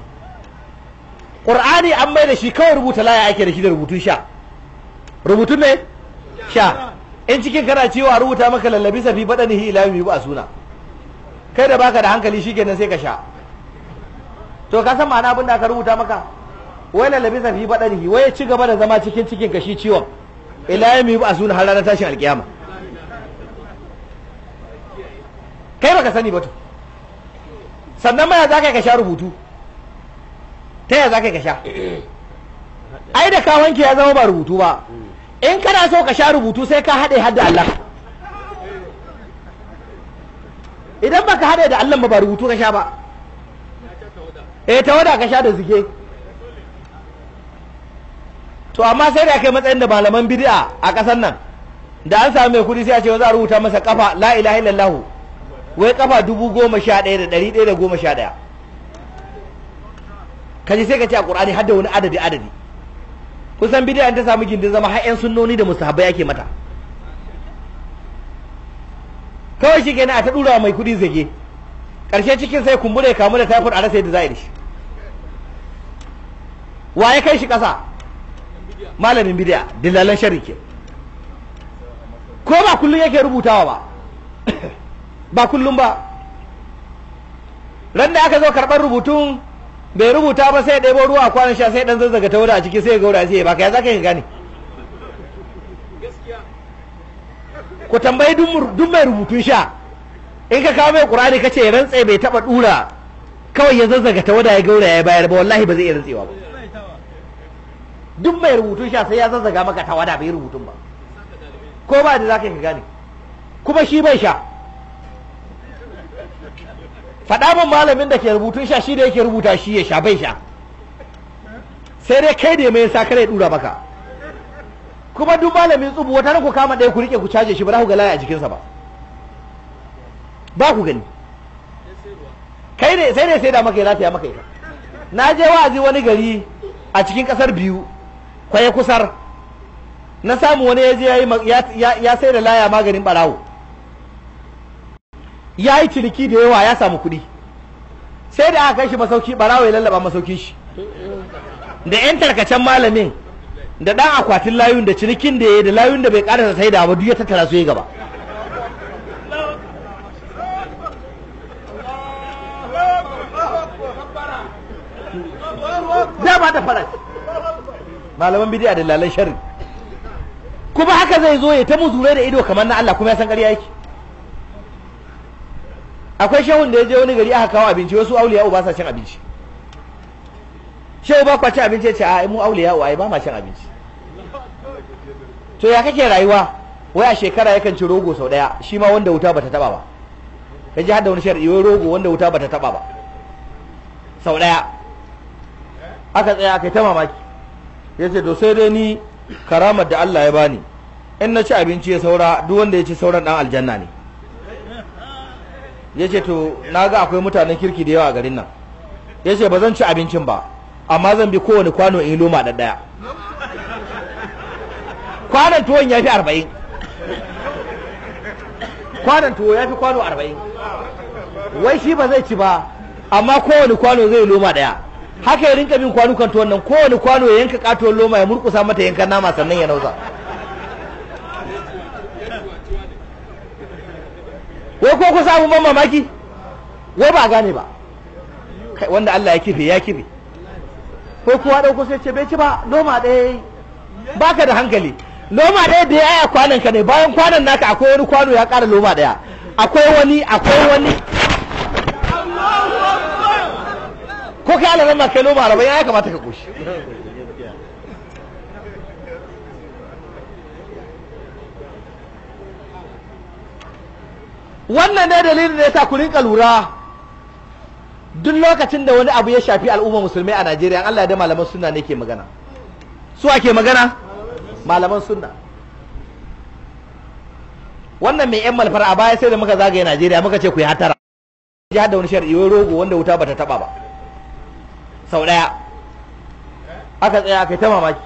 Qur'ani an mai da shi kawai rubuta laya ake da shi da rubutun sha rubutun ne sha in cikin kana cewa rubuta maka lallabi safi badanihi ila yumi ba suna kai da baka da hankali shikenan sai ka sha to ka san ma'ana abin da aka rubuta maka wai lallabi safi badanihi wai ya ci gaba da zama cikin cikin ka shi ciwon ila yumi ba suna har ranar tashin alkiyama kai baka sani ba to sannan ma ya za ka sha rubutu ta ya za ka sha eh. ai da ka wanke ya zama ba rubutu ba hmm. in kana so ka sha rubutu sai ka haɗe hadda Allah idan baka haɗe da Allah ba rubutu ka sha ba eh wada ka sha da zike to amma sai da kai matsayin da malaman bid'a a ƙasar nan da an samu mai kudi sai a ce za a rubuta masa kafa la ilaha illallah wai kafa dubu goma sha ɗaya da ɗari ɗaya da goma sha ɗaya kaji sai ka ce a ƙur'ani har da wani adadi adadi kusan bidiyan ta samu gindin zama har 'yan sunnoni da musahabai ke mata kawai shi kenan a ta ɗura mai kuɗi zage ƙarshe cikin sai kumbura ya kamu da typhoid a rasa yadda za a shi wa ya kai shi ƙasa malamin bidiya dillalan shari'a ko ba kullum yake rubutawa ba (coughs) ba kullum ba ran da aka zo karɓar rubutun bai rubuta ba sai ɗebo ruwa a kwanan sha sai ɗan zazzaga ta a ciki sai ya gaura sai ba baka za ka yi gane ku tambayi duk mai rubutun sha in ka kawo mai ƙurani ka ce rantsai bai taɓa ɗura kawai ya zazzaga ta ya gaura ya bayar ba wallahi ba zai iya rantsewa ba duk mai rubutun sha sai ya zazzaga maka tawada bai rubutun ba ko ba da za ka yi gane kuma shi bai sha faɗa min malamin da ke rubutun sha shi da yake rubuta shi ya sha bai sha sai dai kai da mai sa kare dura maka kuma duk malamin tsubu wata ku kama ɗaya ku rike ku caje shi ba za ku ga laya a jikinsa ba ba ku gani kai ne sai ne sai da maka ya lafiya maka ita na je wa'azi wani gari a cikin kasar biyu kwaye kusar na samu wani ya je ya sai da laya maganin barawo ya yi ciniki da yawa ya samu kuɗi sai da aka kai shi masauki barawa ya lallaba masaukin shi da yan tarkacen malamin da ɗan akwatin layun da cinikin da ya da layun da bai ƙarasa sai da ba duk ya tattara su ya gaba dama da faras malaman bidiya da lalan sharri kuma haka zai zo ya ta muzurai da ido kamar na Allah kuma ya san ƙarya yake akwai shehun da ya je wani gari aka kawo abinci wasu auliya ba sa cin abinci shehu ba kwa cin abinci ce a mu auliya ai ba ma cin abinci to ya kake rayuwa wai a shekara yakan ci rogo sau daya shi ma wanda wuta bata taba ba ya ji hada wani shar'i yi rogo wanda wuta bata taba ba sau daya aka tsaya aka yi ta mamaki ya ce to sai dai ni karamar da Allah ya bani in na ci abinci ya saura duk wanda ya ci sauran dan aljanna ne ya ce to na ga akwai mutanen kirki da yawa a garin nan ya ce ba zan ci abincin ba amma zan bi kowane kwano in yi loma da ɗaya kwanan tuwon ya fi arba'in kwanan tuwo ya fi kwano arba'in wai shi ba zai ci ba amma kowane kwano zai yi loma ɗaya haka ya rinka bin kwanukan tuwon nan kowane kwano ya yanka katuwar loma ya murkusa mata yankan nama sannan ya nauza. wai ko ku samu ban mamaki wai ba gane ba kai wanda Allah ya kife ya kife ko kuwa dauko sai ce bai ci ba noma ɗaya baka da hankali noma ɗaya da yaya kwanan ka ne bayan kwanan naka akwai wani kwano ya ƙara noma ɗaya akwai wani akwai wani ko kai alamai ma kai noma alamai yaya kamata ka koshi wannan ne dalilin da ya sa ku rinka lura duk lokacin da wani abu ya shafi al'umma musulmai a Najeriya Allah ya da malaman sunna ne ke magana su ake magana malaman sunna wannan mai yan malfar a baya sai da muka zagaye Najeriya muka ce ku yi hatara ya hada wani shar'i wai rogo wanda wuta bata taba ba sau daya aka tsaya aka yi ta mamaki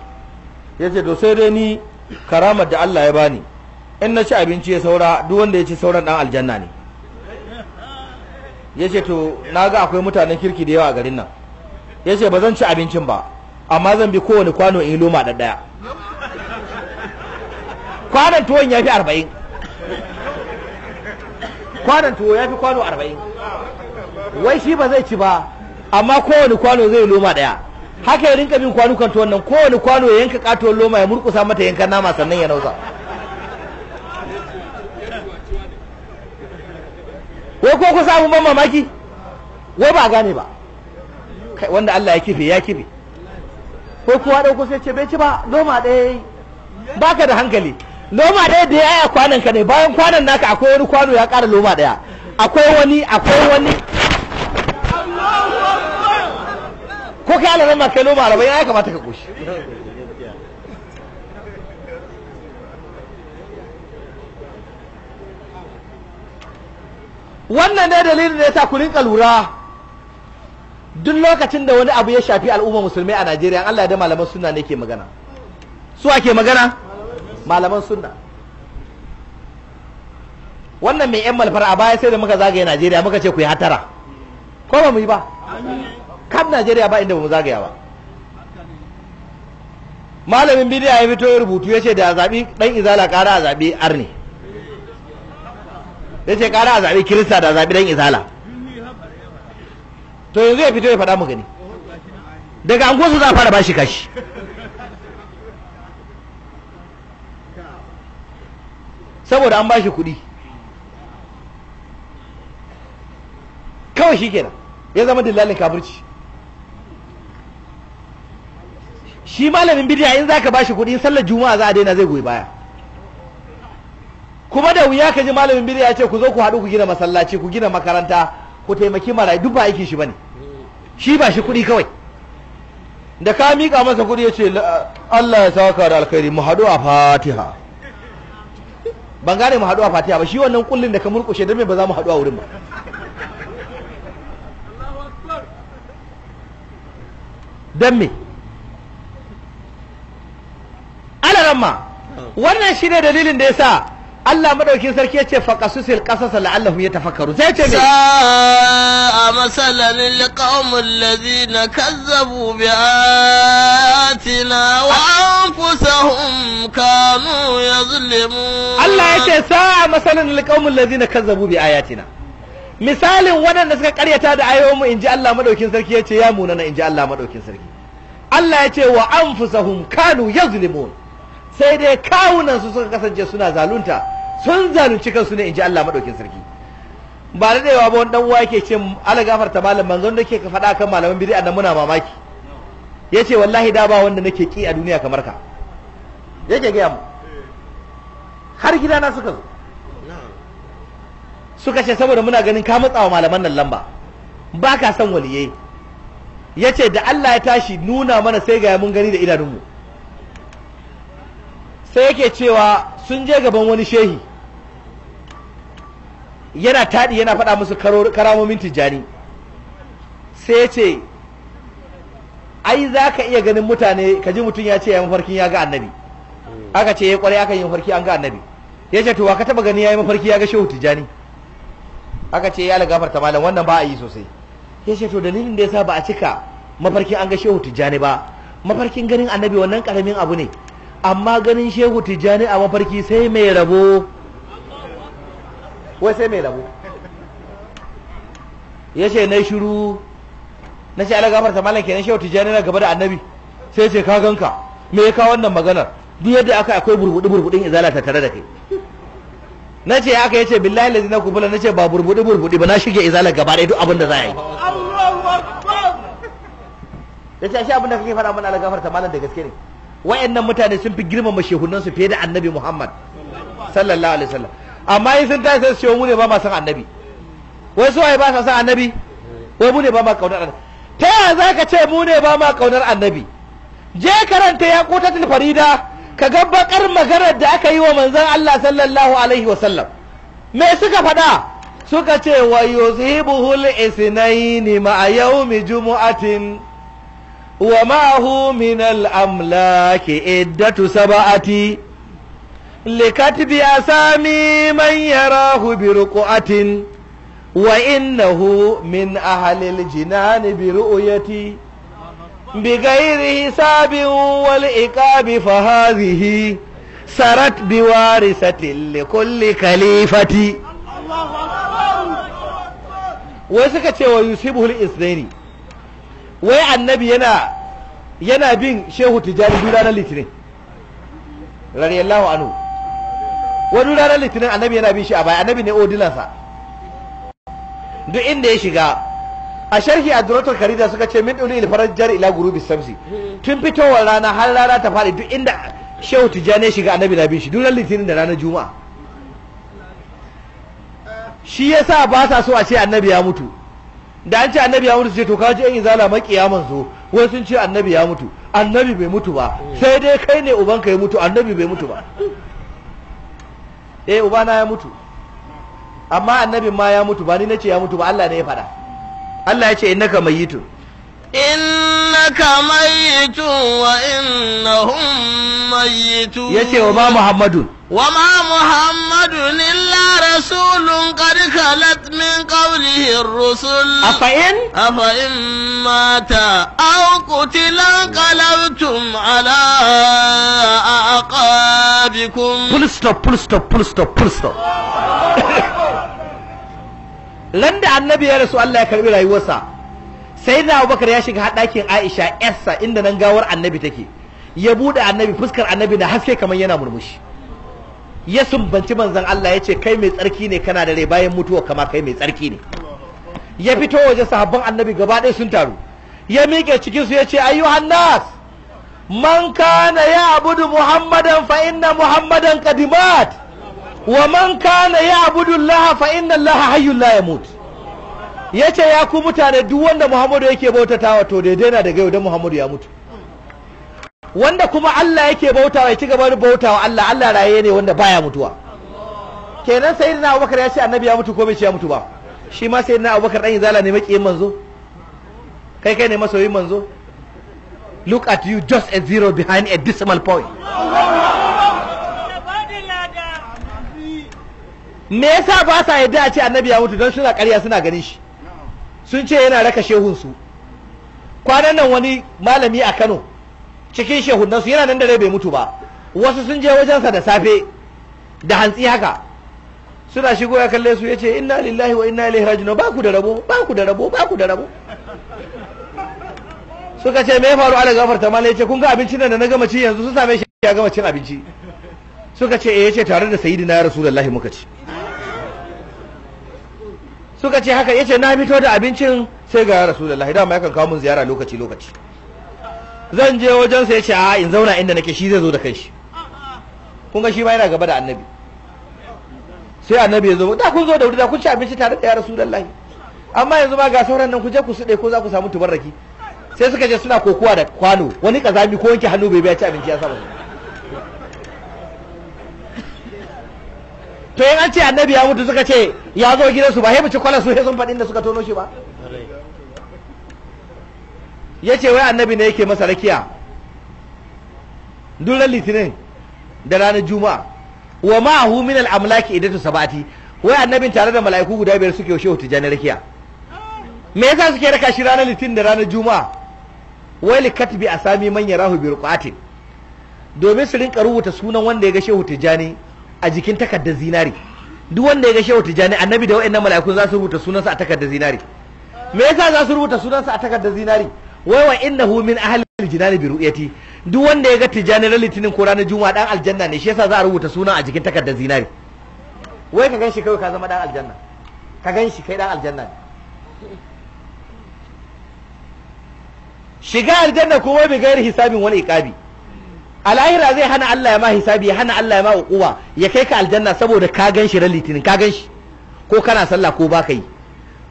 ce, to sai dai ni karamar da Allah ya bani in na ci abinci ya saura duk wanda ya ci sauran dan aljanna ne yace to naga akwai mutanen kirki da yawa a garin nan yace ba zan ci abincin ba amma zan bi kowane kwano in yi loma da daya kwanan tuwon ya fi arba'in kwanan tuwo ya fi kwano arba'in wai shi ba zai ci ba amma kowane kwano zai loma daya haka ya rinka bin kwanukan tuwon nan kowane kwano ya yanka katuwar loma ya murkusa mata yankan nama sannan ya nausa wai ko ku samu ban mamaki wai ba gane ba kai wanda Allah ya kife ya kife ko da dauko sai ce bai ci ba loma ɗaya baka da hankali loma ɗaya da yaya kwanan ka ne bayan kwanan naka akwai wani kwano ya ƙara loma ɗaya akwai wani akwai wani ko kai alama kai loma arba'in ya kamata ka koshi wannan ne dalilin da sa ku rinka lura duk lokacin da wani abu ya shafi al'umma musulmai a Najeriya Allah da malaman sunna ne ke magana su ake magana malaman sunna wannan mai yan malfar a baya sai da muka zagaye Najeriya muka ce ku yi hatara ko ba mu yi ba kan Najeriya ba inda ba mu zagaya ba malamin bidiya ya fito ya rubutu ya ce da zaɓi ɗan izala ƙara a zaɓi arni ya ce kara a zaɓi kirista da zaɓi don izala to yanzu ya fito ya faɗa mu gani daga an su za a fara bashi kashi saboda an bashi kuɗi kawai shi kenan ya zama dillalin kaburci shi malamin bidiya in zaka bashi kuɗi in sallar juma'a za a daina zai goyi baya kuma da wuya ka ji malamin bid'a ya ce ku zo ku haɗu ku gina masallaci ku gina makaranta ku taimaki marayu duk ba aikin shi bane shi ba shi kuɗi kawai da ka miƙa masa kuɗi ya ce Allah ya saka da alkhairi mu haɗu a Fatiha ban gane mu haɗu a Fatiha ba shi wannan kullun da ka murƙushe dan me ba za mu haɗu a wurin ba dan me alaramma wannan shine dalilin da yasa Allah madaukin sarki ya ce faqasusil qasas la'allahum yatafakkaru sai ce me a masalan liqaumil ladina kazzabu bi ayatina wa anfusahum kanu yazlimun Allah ya ce sa'a masalan liqaumil ladina kazzabu bi ayatina misalin waɗanda suka karyata da ayoyinmu inji Allah madaukin sarki ya ce ya munana inji Allah madaukin sarki Allah ya ce wa anfusahum kanu yazlimun sai dai kawunan su suka kasance suna zalunta sun zalunci kansu ne inji Allah madaukin sarki ba da daewa ba wani dan uwa yake ce Allah gafarta malam manzon da ke ka faɗa kan malaman bid'a nan muna mamaki yace wallahi da ba wanda nake ki a duniya kamar ka yake ga mu har gidana suka zo suka ce saboda muna ganin ka matsawa malaman nan lamba ba ka san waliyai yace da Allah ya tashi nuna mana sai ga mun gani da idanunmu sai yake cewa sun je gaban wani shehi yana taɗi yana faɗa musu karamomin tijjani sai ya ce ai za ka iya ganin mutane ka ji mutum ya ce ya mafarkin ya ga annabi aka ce ya eh, kwarai aka yi mafarki an ga annabi ya ce to wa ka taba gani ya yi mafarki ya ga shehu tijjani aka ce ya lagafar ta malam wannan ba a yi sosai ya ce to dalilin da ya sa ba a cika mafarkin an ga shehu tijjani ba mafarkin ganin annabi wannan karamin abu ne amma ganin shehu tijjani a mafarki sai mai rabo wai sai mai rabo ya ce na shiru na ce alagafar ta malam kenan shehu tijjani na gaba da annabi sai ce ka ganka me ya kawo wannan maganar duk yadda aka akwai burbuɗi burbuɗin izala ta tare da kai na ce aka ya ce billahi lazi kubula na ce ba burbuɗi burbuɗi ba na shige izala gaba da duk abin da za a yi ya ce shi abin da kake faɗa mana alagafar ta malam da gaske ne wayannan mutane sun fi girmama shehunan su fiye da annabi Muhammad sallallahu alaihi wasallam amma in sun tashi sai su mu ne ba ma san annabi wai su ai ba sa san annabi wai mu ne ba ma kaunar annabi ta yaya zaka ce mu ne ba ma kaunar annabi je karanta ya kotatul farida ka ga bakar maganar da aka yi wa manzon Allah sallallahu alaihi wasallam me suka faɗa suka ce wa yuzhibuhul isnaini ma yawmi jumu'atin wa ma'ahu min al'amlaki iddatu saba'ati likatibi asami man yarahu bi ruqatin wa innahu min ahli al-jinan bi ru'yati بغير حساب والعقاب فهذه سرت بوارثة لكل كليفة وسكت ويصيبه الاثنين wai annabi yana yana bin shehu tijjani duk ranar litinin radiyallahu anhu wani ranar litinin annabi yana bin shi a baya annabi ne odinansa duk inda ya shiga a sharhi a duratul karida suka ce min ilfarar jari ila gurubi samsi tun fitowar rana har rana ta faɗi duk inda shehu tijjani ya shiga annabi na bin shi duk ranar litinin da ranar juma'a shi yasa ba sa so a ce annabi ya mutu da an ce annabi ya mutu sai to kaji yan izala makiya zo wai sun ce annabi ya mutu annabi bai mutu ba sai dai kai ne ubanka ya mutu annabi bai mutu ba eh ubana ya mutu amma annabin ma ya mutu ba ni nace ya mutu ba Allah ne ya faɗa Allah ya ce innaka mayyitun in innaka mayyitun wa innahum mayyitun yace wa muhammadu. muhammadun wa ma muhammadu illa rasulun qad khalat min qawlihi ar-rusul afa in afa in mata aw qutila qalabtum ala aqabikum full stop full stop full stop full stop (coughs) lan da annabi ya rasu Allah ya karbi rayuwarsa sai na abubakar ya shiga haɗakin aisha yarsa inda nan gawar annabi take ya buɗe annabi fuskar annabi na haske kamar yana murmushi ya sumbanci manzan Allah ya ce kai mai tsarki ne kana da rai bayan mutuwa kama kai mai tsarki ne ya fito waje sahabban annabi gaba ɗaya sun taru ya miƙe cikin su ya ce ayyuhan hannas man kana ya abudu muhammadan fa inna muhammadan kadimat wa man kana ya abudu laha fa inna laha hayyun la yamut ya ce ya ku mutane duk wanda muhammadu yake ta wato daidai na daga yau da muhammadu ya mutu wanda kuma Allah yake bautawa ya ci gaba da bautawa Allah Allah raye ne wanda baya mutuwa kenan sayyidina Abubakar ya ce annabi ya mutu ko bai ce ya mutu ba shi ma sayyidina Abubakar dan izala ne maki manzo kai kai ne masoyin manzo look at you just a zero behind a decimal point me yasa ba sa yadda a ce annabi ya mutu don suna ƙarya suna ganin shi sun ce yana raka shehunsu kwanan nan wani malami a kano cikin shehunansu yana nan da rai bai mutu ba wasu sun je wajensa da safe da hantsi haka suna shigo ya kalle su ya ce inna lillahi wa inna ilaihi rajiun ba ku da rabo ba ku da rabo ba ku da rabo suka ce me ya faru ala gafarta ma ya ce kun ga abincin da na gama ci yanzu sun same shi ya gama cin abinci suka ce eh ya ce tare da sayyidina rasulullahi muka ci suka ce haka yace na fito da abincin sai ga rasulullahi dama yakan kawo mun ziyara lokaci lokaci zan je wajen sa yace a in zauna inda nake shi zai zo da kanshi kun ga shi ba yana gaba da annabi sai annabi ya zo da kun zo da wuri da kun ci abinci tare da ya rasulullahi amma yanzu ma ga sauran nan ku je ku sude ko za ku samu tubarraki sai suka je suna kokuwa da kwano wani kazami ko wanke hannu bai biya ci abinci ya saba to in an ce annabi ya mutu suka ce ya zo gidansu ba mu ci kwalar su sun faɗin da suka tono shi ba ya ce wai annabi ne yake masa rakiya duran litinin da ranar juma'a wa ma'ahu min al'amlaki idan su sabati wai annabin tare da mala'iku guda biyar suke yoshe wata janar rakiya me yasa suke raka shi ranar litinin da ranar juma'a wai Likat likatbi sami sami rahu Rahu ruqatin domin su rinka rubuta sunan wanda ya ga shehu tijani a jikin takardar zinari duk wanda ya ga shehu tijani annabi da wa'annan mala'ikun za su rubuta sunansa a takardar zinari me yasa za su rubuta sunansa a takardar zinari wai wa innahu min ahli aljinani bi ru'yati duk wanda ya ga tijani ran litinin ko ranar juma'a dan aljanna ne shi yasa za a rubuta sunan a jikin takardar zinari wai ka ganshi kawai ka zama dan aljanna ka ganshi kai dan aljanna ne shiga aljanna ko wai bi gairi hisabin wani iqabi al'ahira zai hana Allah ya ma hisabi ya hana Allah ya ma uquba ya kai ka aljanna saboda ka gan shi ran litinin ka gan shi ko kana sallah ko ba yi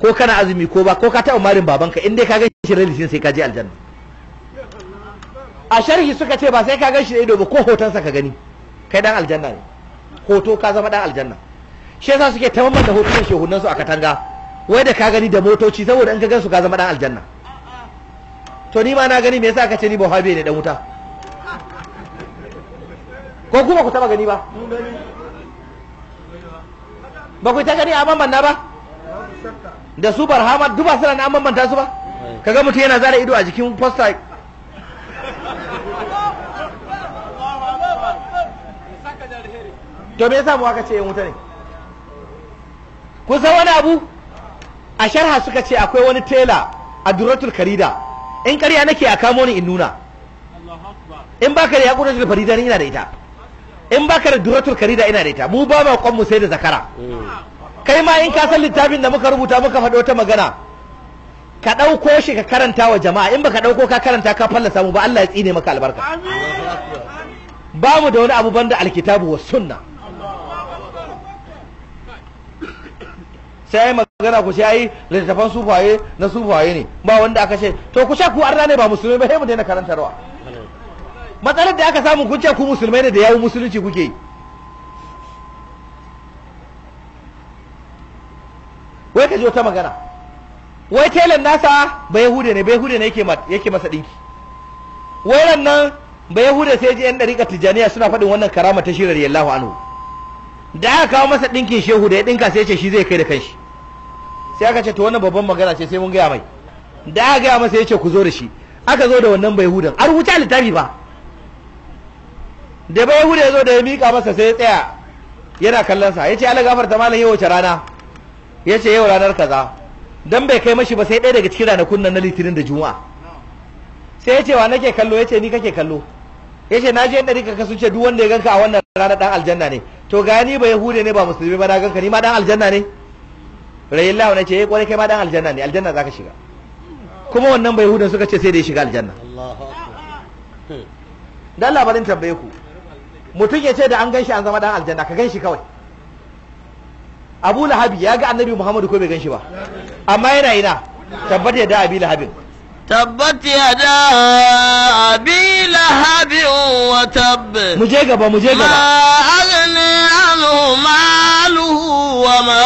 ko kana azumi ko ba ko ka taɓa marin babanka in dai ka gan shi ran litinin sai ka je aljanna a sharhi suka ce ba sai ka gan shi da ido ba ko hotonsa ka gani kai dan aljanna ne hoto ka zama dan aljanna shi yasa suke ta mamman da hotunan shehunan su a katanga wai da ka gani da motoci saboda in ka gan su ka zama dan aljanna to ni ma na gani me yasa ka ce ni bawabe ne dan wuta ko kuma ku taba gani ba ba ku ta gani a bambanta ba da su barhama duba suna na an bambanta su ba kaga mutum yana zara ido a jikin posta to me yasa aka ce yan wuta ne ku san wani abu a sharha suka ce akwai wani tela a duratul karida in ƙarya nake a kamo ni in nuna in baka da ya ƙudatul farida ni ina da ita in baka da duratul karida ina da ita mu ba ma kwanmu sai da zakara kai ma in ka san littafin da muka rubuta muka faɗo ta magana ka ɗauko shi ka karanta wa jama'a in baka ɗauko ka karanta ka fallasa mu ba Allah ya tsine maka albarka ba mu da wani abu banda alkitabu wa sunna sai magana ku sai littattafan sufaye na sufaye ne ba wanda aka ce to ku sha ku arna ne ba musulmi ba sai mu daina karantarwa matsalar da aka samu kun ce ku musulmai ne da yawo musulunci kuke yi wai ka ji wata magana wai telan nasa ba yahude ne ba yahude ne yake masa dinki wai ran nan ba yahude sai ji yan dariƙa tijaniya suna faɗin wannan karama ta shirar yallahu anhu da aka kawo masa dinkin shehu da ya dinka sai ce shi zai kai da kanshi sai aka ce to wannan babban magana ce sai mun gaya mai da aka gaya masa ya ce ku zo da shi aka zo da wannan bai hudan a rubuta littafi ba da bai hude ya zo da ya miƙa masa sai ya tsaya yana kallon sa yace Allah gafarta malam yau wace rana yace yau ranar kaza dan bai kai mashi ba sai ɗaya daga cikin ranakun nan na litinin da juma'a sai yace wa nake kallo yace ni kake kallo yace na je rika ka sun ce duk wanda ya ganka a wannan rana dan aljanna ne to ga ni ba yahude ne ba musulmi ba na ganka ni ma dan aljanna ne rayillahu nace eh kwarai kai ma dan aljanna ne aljanna zaka shiga kuma wannan bai yahudan suka ce sai da ya shiga aljanna Allahu akbar dan labarin tambaye ku mutum ya ce da an ganshi an zama dan aljanna ka ganshi kawai abu lahabi ya ga annabi muhammadu ko bai ganshi ba amma yana ina tabbata da abi lahabin tabbat yada abi lahabin wa tabb mu je gaba mu je gaba ma agni anhu maluhu wa ma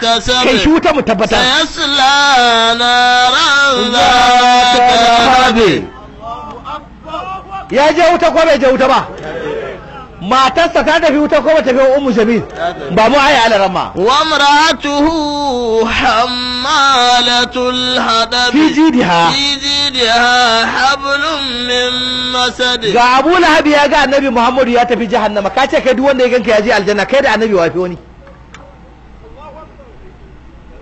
kasab kai shi wuta mu tabbata sayasla naran zata lahabi ya je wuta ko bai je wuta ba matarsa ta tafi wuta ko ba tafi wa ummu jamil ba mu ayi ala rama wa maratuhu hammalatul hadab fi jidha fi jidha hablum min masad ga Abu Lahab ya ga Annabi Muhammadu ya tafi jahannama ka ce kai duk wanda ya ganka ya je aljanna kai da Annabi wafi wani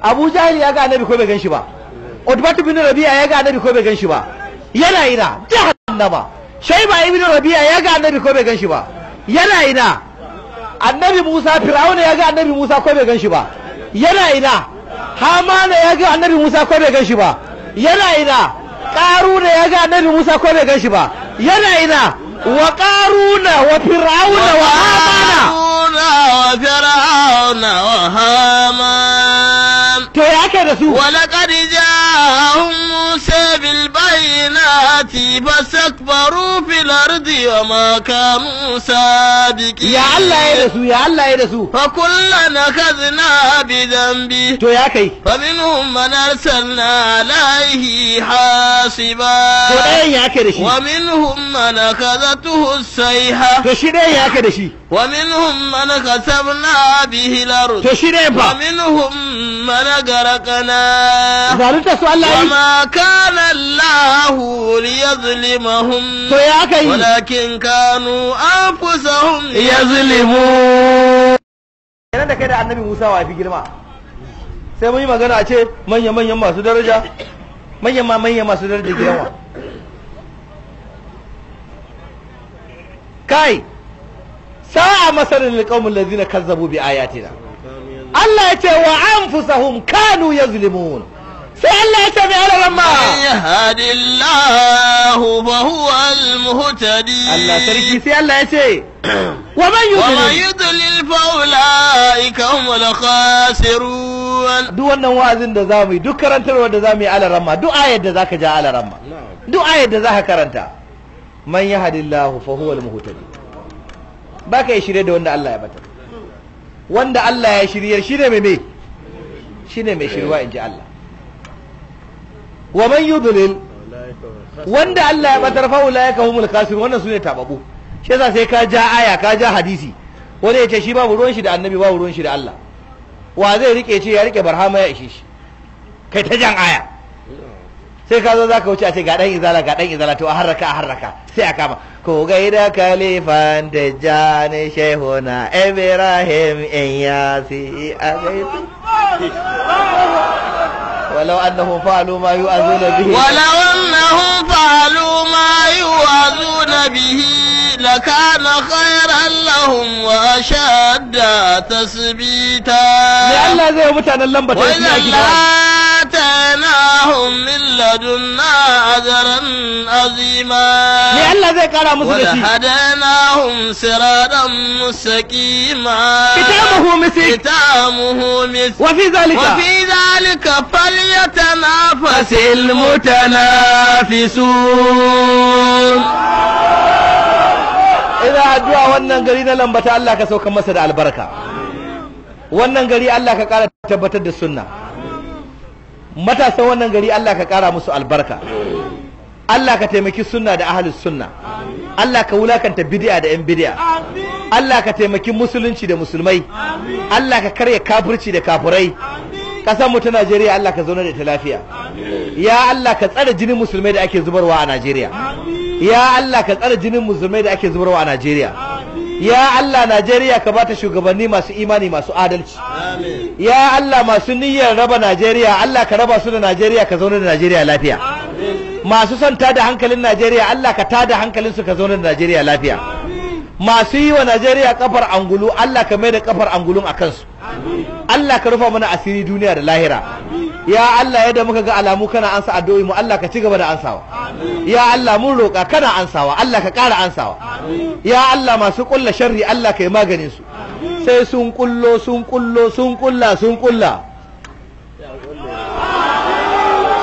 Abu Jahil ya ga Annabi ko bai ganshi ba Utbatu bin Rabi'a ya ga Annabi ko bai ganshi ba yana ina jahannama Shaiba ibn Rabi'a ya ga Annabi ko bai ganshi ba yana ina annabi musa Firawuna ya ga annabi musa ko bai gan shi ba yana ina hamana ya ga annabi musa ko bai gan shi ba yana ina ƙaruna ya ga annabi musa ko bai gan shi ba yana ina wa ƙaruna wa Firawuna wa hamana wa fir'auna wa hamana to ya ke da su wa laqad ja'a musa bil آيات فاستكبروا في الأرض وما كانوا سابقين يا الله يا رسول يا الله يا رسول فكلنا أخذنا بذنبه تو يا كي فمنهم من أرسلنا عليه حاصبا تو يا كي ومنهم من أخذته الصيحة تو يا كي ومنهم من كسبنا به الأرض ومنهم من غرقنا وما كان الله الله ليظلمهم ولكن كانوا annabi Musa wa fi girma sai mun yi magana a ce manya manyan masu daraja manyan ma manyan masu daraja girma kai sa'a masarin liqaumul ladzina kazzabu Allah ya ce wa anfusahum kanu yazlimun sai Allah ya tafi ala lamma yahdillahu fa huwa almuhtadi Allah sarki sai Allah ya ce (clears throat) wa man yudlil fa ulaika humul khasirun duk wannan wa'azin da za mu yi duk karantarwa da za mu yi ala ramma duk ayar da za ka ja ala ramma duk ayar da za ka karanta man yahdillahu fa huwa Ba ka yi shirye da wanda Allah ya bata wanda Allah ya shiryar shine mai me shine mai shirwa inji Allah wa man yudlil wanda Allah ya batar fa ulaika humul kafirun wannan sune tababu shi yasa sai ka ja aya ka ja hadisi wanda yace shi babu ruwan shi da annabi babu ruwan shi da Allah wa zai rike ce ya rike barhama ya ishe shi kai ta jan aya sai ka zo zaka wuce a ce ga ɗan izala ga ɗan izala to a harraka a harraka sai a kama ko ida kalifan da jani shehuna ibrahim in yasi a gaida ولو أنهم فعلوا ما يؤذون به ولو أنهم فعلوا ما يؤذون به لكان خيرا لهم وأشد تثبيتا لألا زي متعن اللمبة وإذا آتيناهم من لدنا أجرا عظيما لألا زي كان ولهديناهم سرادا مستقيما ختامه مثل ختامه مسك وفي ذلك وفي ذلك فليتنافس المتنافسون yana addu'a wannan gari na lambata Allah ka sauka masa da albarka wannan gari Allah ka ƙara tabbatar da sunna matasan wannan gari Allah ka ƙara musu albarka Allah ka taimaki sunna da ahlus sunna Allah ka wulakanta bid'a da 'yan bid'a Allah ka taimaki musulunci da musulmai Allah ka karya kafirci da kafurai kasar mu ta Najeriya Allah ka zauna da ta lafiya ya Allah ka tsare jinin musulmai da ake zubarwa a Najeriya ya Allah ka tsara jinin musulmai da ake zubarwa a Najeriya ya Allah Najeriya ka bata shugabanni masu imani masu adalci ya Allah masu niyyar raba Najeriya Allah ka raba su da Najeriya ka zauna da Najeriya lafiya masu son tada hankalin Najeriya Allah ka tada hankalin su ka zauna da Najeriya lafiya masu yi wa Najeriya kafar angulu Allah ka mai da kafar angulun a kansu Allah ka rufa mana asiri duniya da lahira ya Allah yadda muka ga alamu kana ansa addu'o'i mu Allah ka ci gaba da ansawa ya Allah mun roƙa kana ansawa Allah ka ƙara ansawa ya Allah masu ƙulla sharri Allah ka yi maganin su sai sun kullo sun kullo sun kulla sun kulla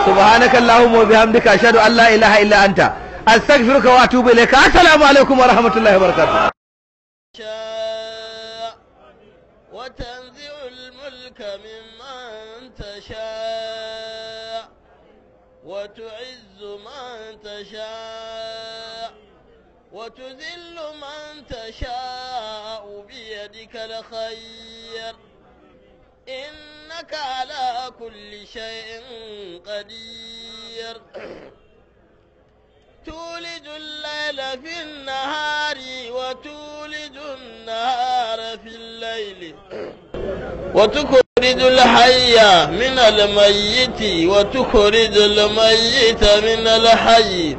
subhanaka allahumma wa bihamdika ashhadu an la ilaha illa anta astaghfiruka wa atubu ilayka assalamu alaikum wa rahmatullahi wa barakatuh وتنزع الملك ممن تشاء وتعز من تشاء وتذل من تشاء بيدك الخير إنك على كل شيء قدير تولد الليل في النهار وتولد النهار في الليل وتكون تخرج الحي من الميت وتخرج الميت من الحي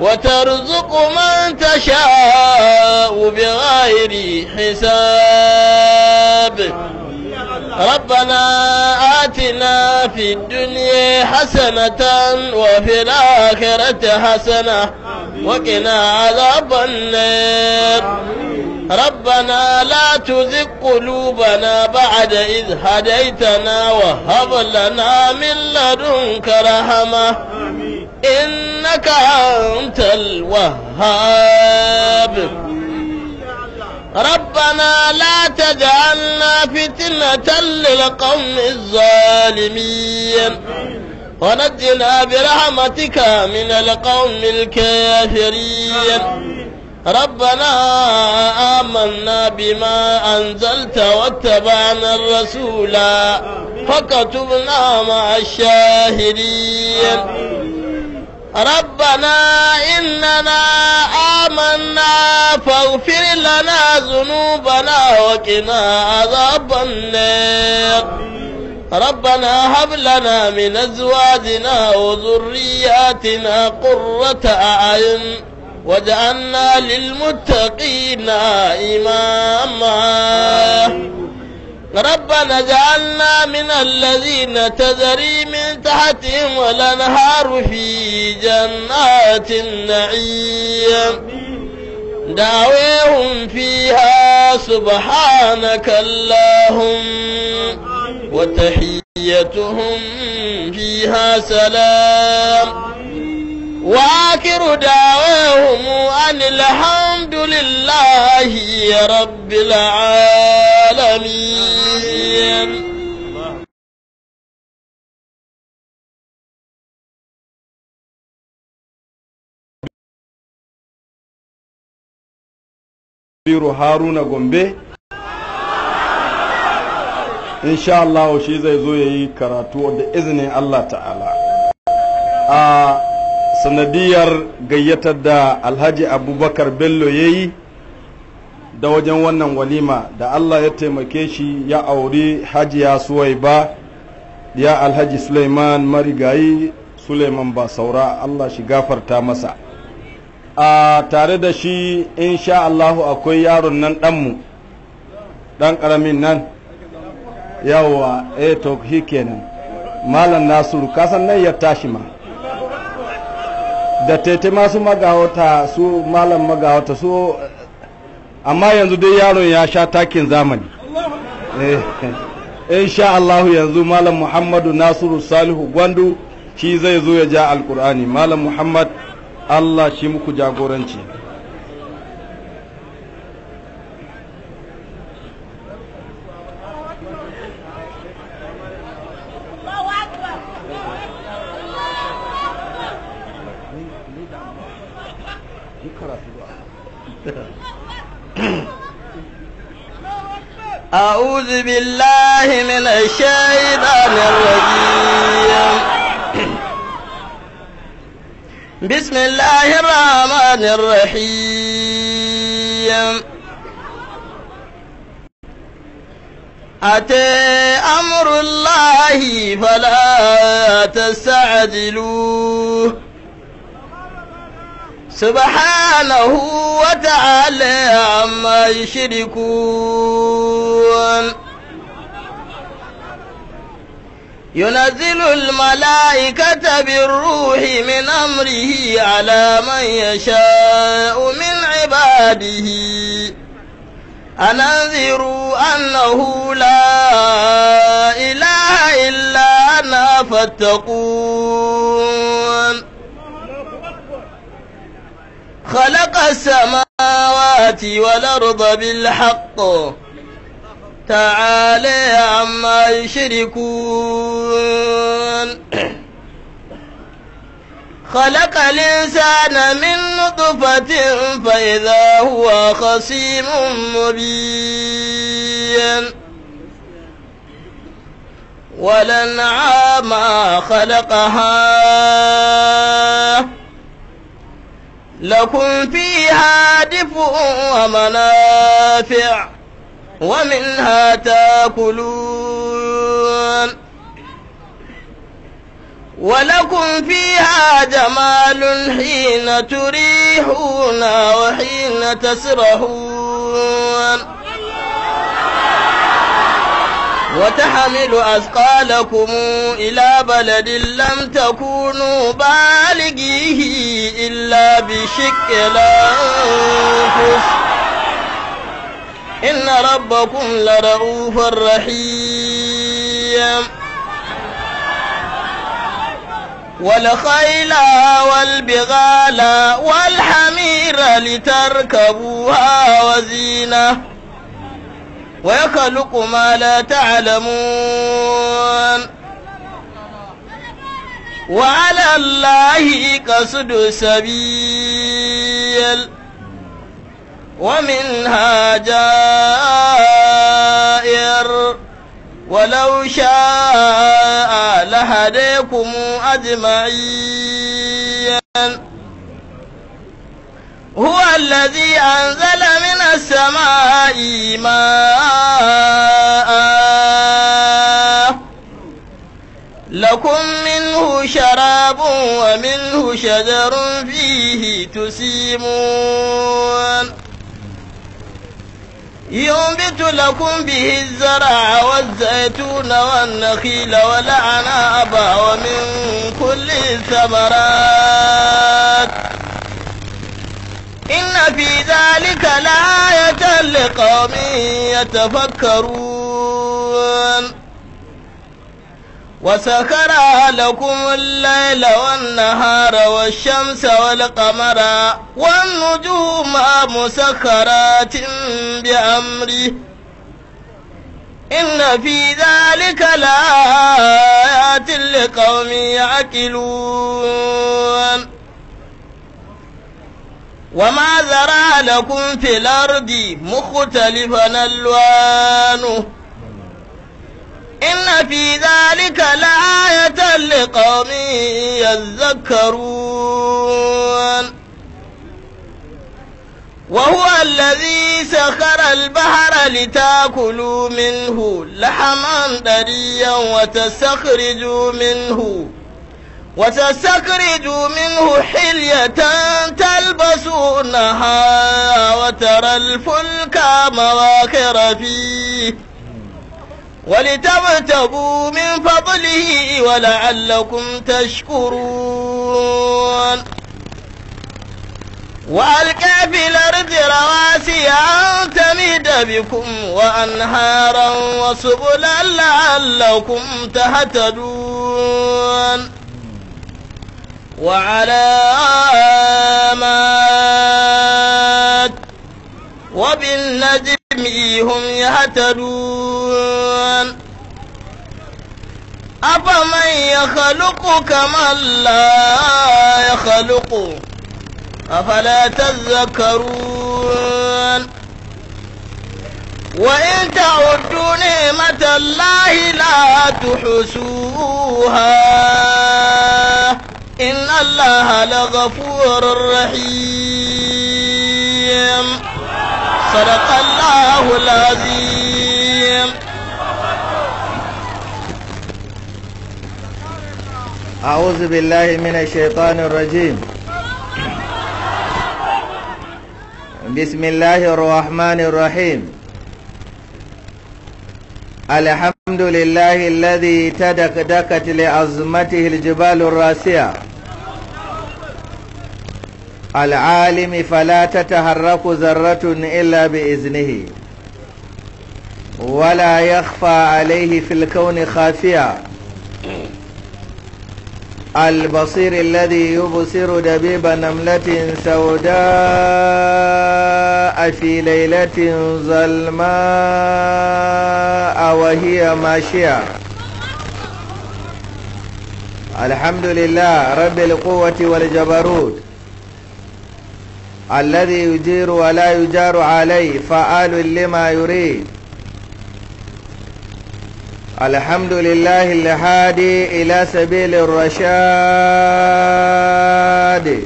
وترزق من تشاء بغير حساب ربنا آتنا في الدنيا حسنة وفي الآخرة حسنة وقنا عذاب النار ربنا لا تزغ قلوبنا بعد إذ هديتنا وهب لنا من لدنك رحمة إنك أنت الوهاب ربنا لا تجعلنا فتنة للقوم الظالمين ونجنا برحمتك من القوم الكافرين ربنا آمنا بما أنزلت واتبعنا الرسول فكتبنا مع الشاهدين ربنا إننا آمنا فاغفر لنا ذنوبنا وقنا عذاب النار ربنا هب لنا من أزواجنا وذرياتنا قرة أعين واجعلنا للمتقين إماما ربنا اجعلنا من الذين تجري من تحتهم والانهار في جنات النعيم دعويهم فيها سبحانك اللهم وتحيتهم فيها سلام واخر دعواهم ان الحمد لله رب العالمين Biro Haruna Gombe insha Allah shi zai zo yayi karatu da izinin Allah ta'ala a ah, sanadiyar gayyatar da alhaji abubakar bello ya yi da wajen wannan walima da allah ya taimake shi ya auri hajiya suwai ba ya alhaji suleiman marigayi suleiman ba saura allah shi gafarta masa a tare da shi insha allahu akwai yaron nan ɗanmu ɗan ƙaramin nan yawa eto eh kenan malam nasiru kasan nan ya tashi ma da tete masu magawata su malam magawata su amma yanzu dai yaron ya sha takin zamani eh, (laughs) insha Allahu yanzu malam Muhammadu Nasiru Salihu Gwandu shi zai zo ya ja alkur'ani malam Muhammad Allah shi muku jagoranci أعوذ بالله من الشيطان الرجيم بسم الله الرحمن الرحيم أتى أمر الله فلا تستعجلوه سبحانه وتعالى عما يشركون ينزل الملائكة بالروح من أمره على من يشاء من عباده أنذروا أنه لا إله إلا أنا فاتقون خلق السماوات والأرض بالحق تعالى عما يشركون خلق الإنسان من نطفة فإذا هو خصيم مبين ولنعام خلقها لكم فيها دفء ومنافع ومنها تاكلون ولكم فيها جمال حين تريحون وحين تسرحون وتحمل أثقالكم إلى بلد لم تكونوا بالغيه إلا بشق الأنفس إن ربكم لرؤوف رحيم والخيل والبغال والحمير لتركبوها وزينه ويخلق ما لا تعلمون وعلى الله قصد سبيل ومنها جائر ولو شاء لهديكم أجمعين هو الذي أنزل من السماء ماء لكم منه شراب ومنه شجر فيه تسيمون ينبت لكم به الزرع والزيتون والنخيل والعناب ومن كل الثمرات إن في ذلك لآية لقوم يتفكرون وسخر لكم الليل والنهار والشمس والقمر والنجوم مسخرات بأمره إن في ذلك لآيات لقوم يعقلون وما ذرى لكم في الأرض مختلفا ألوانه إن في ذلك لآية لقوم يذكرون وهو الذي سخر البحر لتاكلوا منه لحما دريا وتستخرجوا منه وتستخرج منه حلية تلبسونها وترى الفلك مواخر فيه ولتبتغوا من فضله ولعلكم تشكرون وألقى في الأرض رواسي أن تميد بكم وأنهارا وسبلا لعلكم تهتدون وعلامات وبالنجم هم يهتدون أفمن يخلق كمن لا يخلق أفلا تذكرون وإن تعدوا نعمة الله لا تحسوها إن الله لغفور رحيم صدق الله العظيم أعوذ بالله من الشيطان الرجيم بسم الله الرحمن الرحيم الحمد لله الذي تدكدكت لعظمته الجبال الراسية العالم فلا تتحرك ذرة إلا بإذنه ولا يخفى عليه في الكون خافية البصير الذي يبصر دبيب نملة سوداء في ليلة ظلماء وهي ماشية الحمد لله رب القوة والجبروت الذي يجير ولا يجار عليه فعال لما يريد الحمد لله الهادي إلى سبيل الرشاد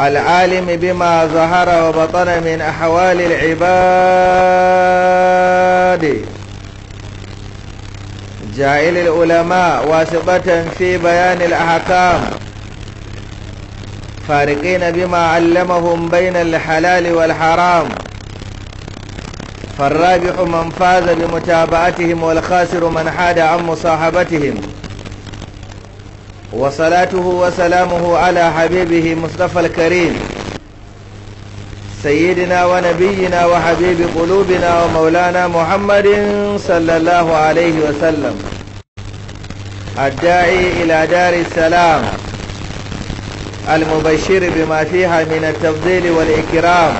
العالم بما ظهر وبطن من أحوال العباد جائل العلماء واسطة في بيان الأحكام فارقين بما علمهم بين الحلال والحرام فالرابح من فاز بمتابعتهم والخاسر من حاد عن مصاحبتهم وصلاته وسلامه على حبيبه مصطفى الكريم سيدنا ونبينا وحبيب قلوبنا ومولانا محمد صلى الله عليه وسلم الداعي إلى دار السلام المبشر بما فيها من التفضيل والإكرام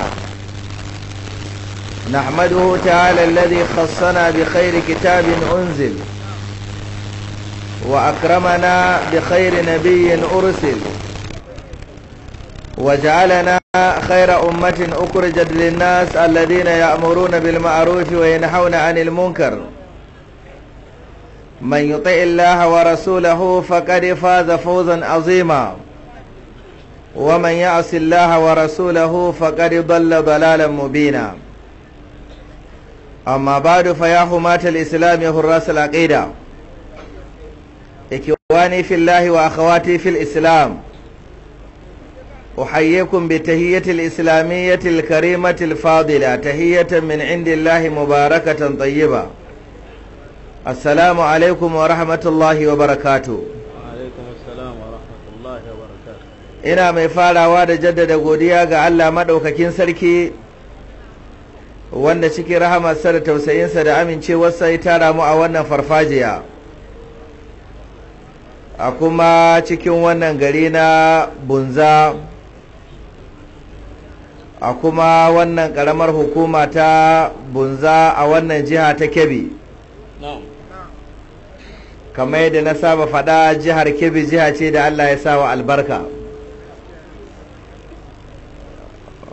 نحمده تعالى الذي خصنا بخير كتاب أنزل وأكرمنا بخير نبي أرسل وجعلنا خير أمة أخرجت للناس الذين يأمرون بالمعروف وينحون عن المنكر من يطع الله ورسوله فقد فاز فوزا عظيما ومن يعص الله ورسوله فقد ضل ضلالا مبينا amma ba da fayahu matal islam ya hurra su laƙaida yake wa ne fi lahi wa akawati fi islam ku haye kun bi ta hiyatul fadila ta min indillahi mubarakatan tayyiba assalamu alaikum wa rahmatullahi wa barakatu ina mai farawa da jaddada godiya ga Allah madaukakin sarki wanda cikin rahamarsa da tausayinsa da amincewarsa ya tara mu a wannan farfajiya a kuma cikin wannan gari na bunza a kuma wannan karamar hukuma ta bunza a wannan jiha ta kebbi kamar yadda na saba faɗa jihar kebbi jiha ce da allah ya sa wa albarka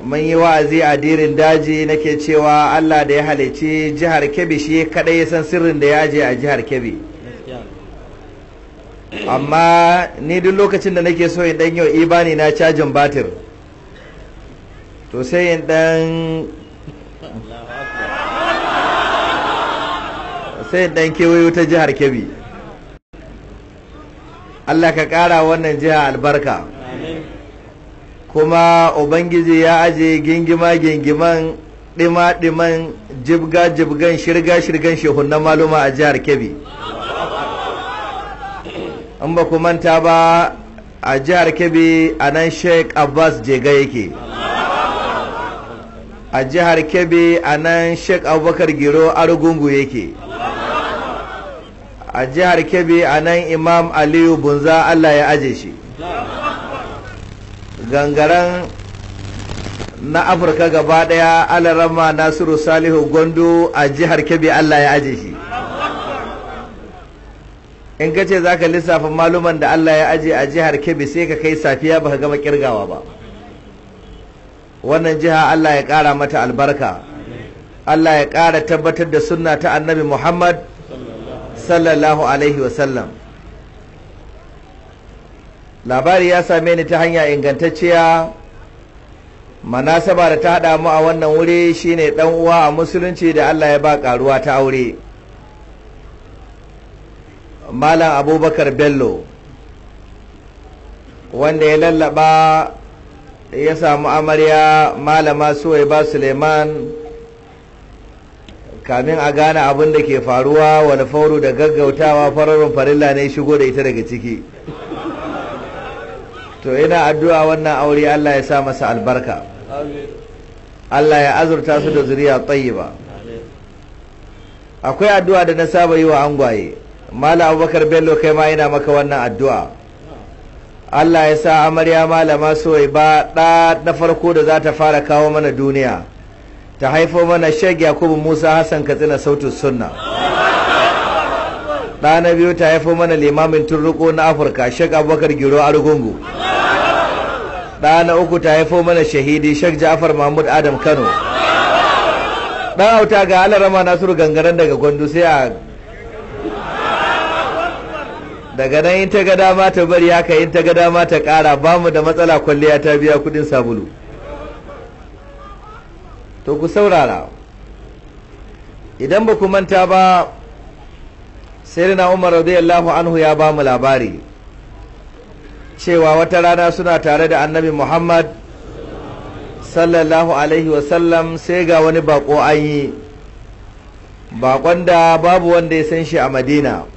mun yi wa'azi a dirin daji nake cewa Allah da ya halici jihar Kebbi shi kadai ya san sirrin da ya je a jihar Kebbi amma ni duk lokacin da nake so in dan yau ibani na cajin batir to sai in dan sai in dan kewayo ta jihar Kebbi Allah ka kara wannan jiha albarka kuma ubangiji ya aje gingima gingiman dima diman jibga-jibgan shirga-shirgan shehunan maluma a jihar kebbi in ba ku manta ba a jihar kebbi a nan sheik abbas jega yake a jihar kebbi a nan sheik abubakar giro arugungu yake a jihar kebbi a nan imam aliyu bunza allah ya aje shi gangaren na afirka gaba daya alarama nasiru salihu gondo a jihar kebbi allah ya aje shi in ka ce za ka lissafa maluman da allah ya aje a jihar kebbi sai ka kai safiya ba ka gama kirgawa ba wannan jiha allah ya kara mata albarka allah ya kara tabbatar da sunna ta annabi muhammad sallallahu alaihi wasallam labari ya same ni ta hanya ingantacciya manasaba da ta hada mu a wannan wuri shine dan uwa a musulunci da Allah ya ba karuwa ta aure malam abubakar bello wanda ya lallaba ya samu amarya malama ba suleiman kamin a gane abin da ke faruwa wani fauru da gaggautawa fararun farilla ne shigo da ita daga ciki to yana addu'a wannan aure Allah ya sa masa albarka Allah ya azurta su da zuriya tayyiba akwai addu'a da na saba yi wa angwaye mala abubakar bello kai ma yana maka wannan addu'a Allah ya sa amarya malama soyi ba ɗa na farko da za ta fara kawo mana duniya ta haifo mana shag yakubu musa hassan katsina sautin sunna ɗa na biyu ta haifo mana limamin turruko na afirka shag abubakar giro argungu ɗa na uku ta haifo mana shahidi Sheikh Ja'far Mahmud Adam Kano ɗan auta ga alarama Nasiru gangaren daga Gwandu sai a daga nan in ta ga dama ta bari haka in ta ga dama ta ƙara ba mu da matsala kwalliya ta biya kuɗin sabulu to ku saurara idan ba ku manta ba sai na Umar radiyallahu anhu ya ba mu labari cewa wata rana suna tare da annabi muhammad sallallahu alaihi wasallam sai ga wani bako an yi bakon da babu wanda ya san shi a madina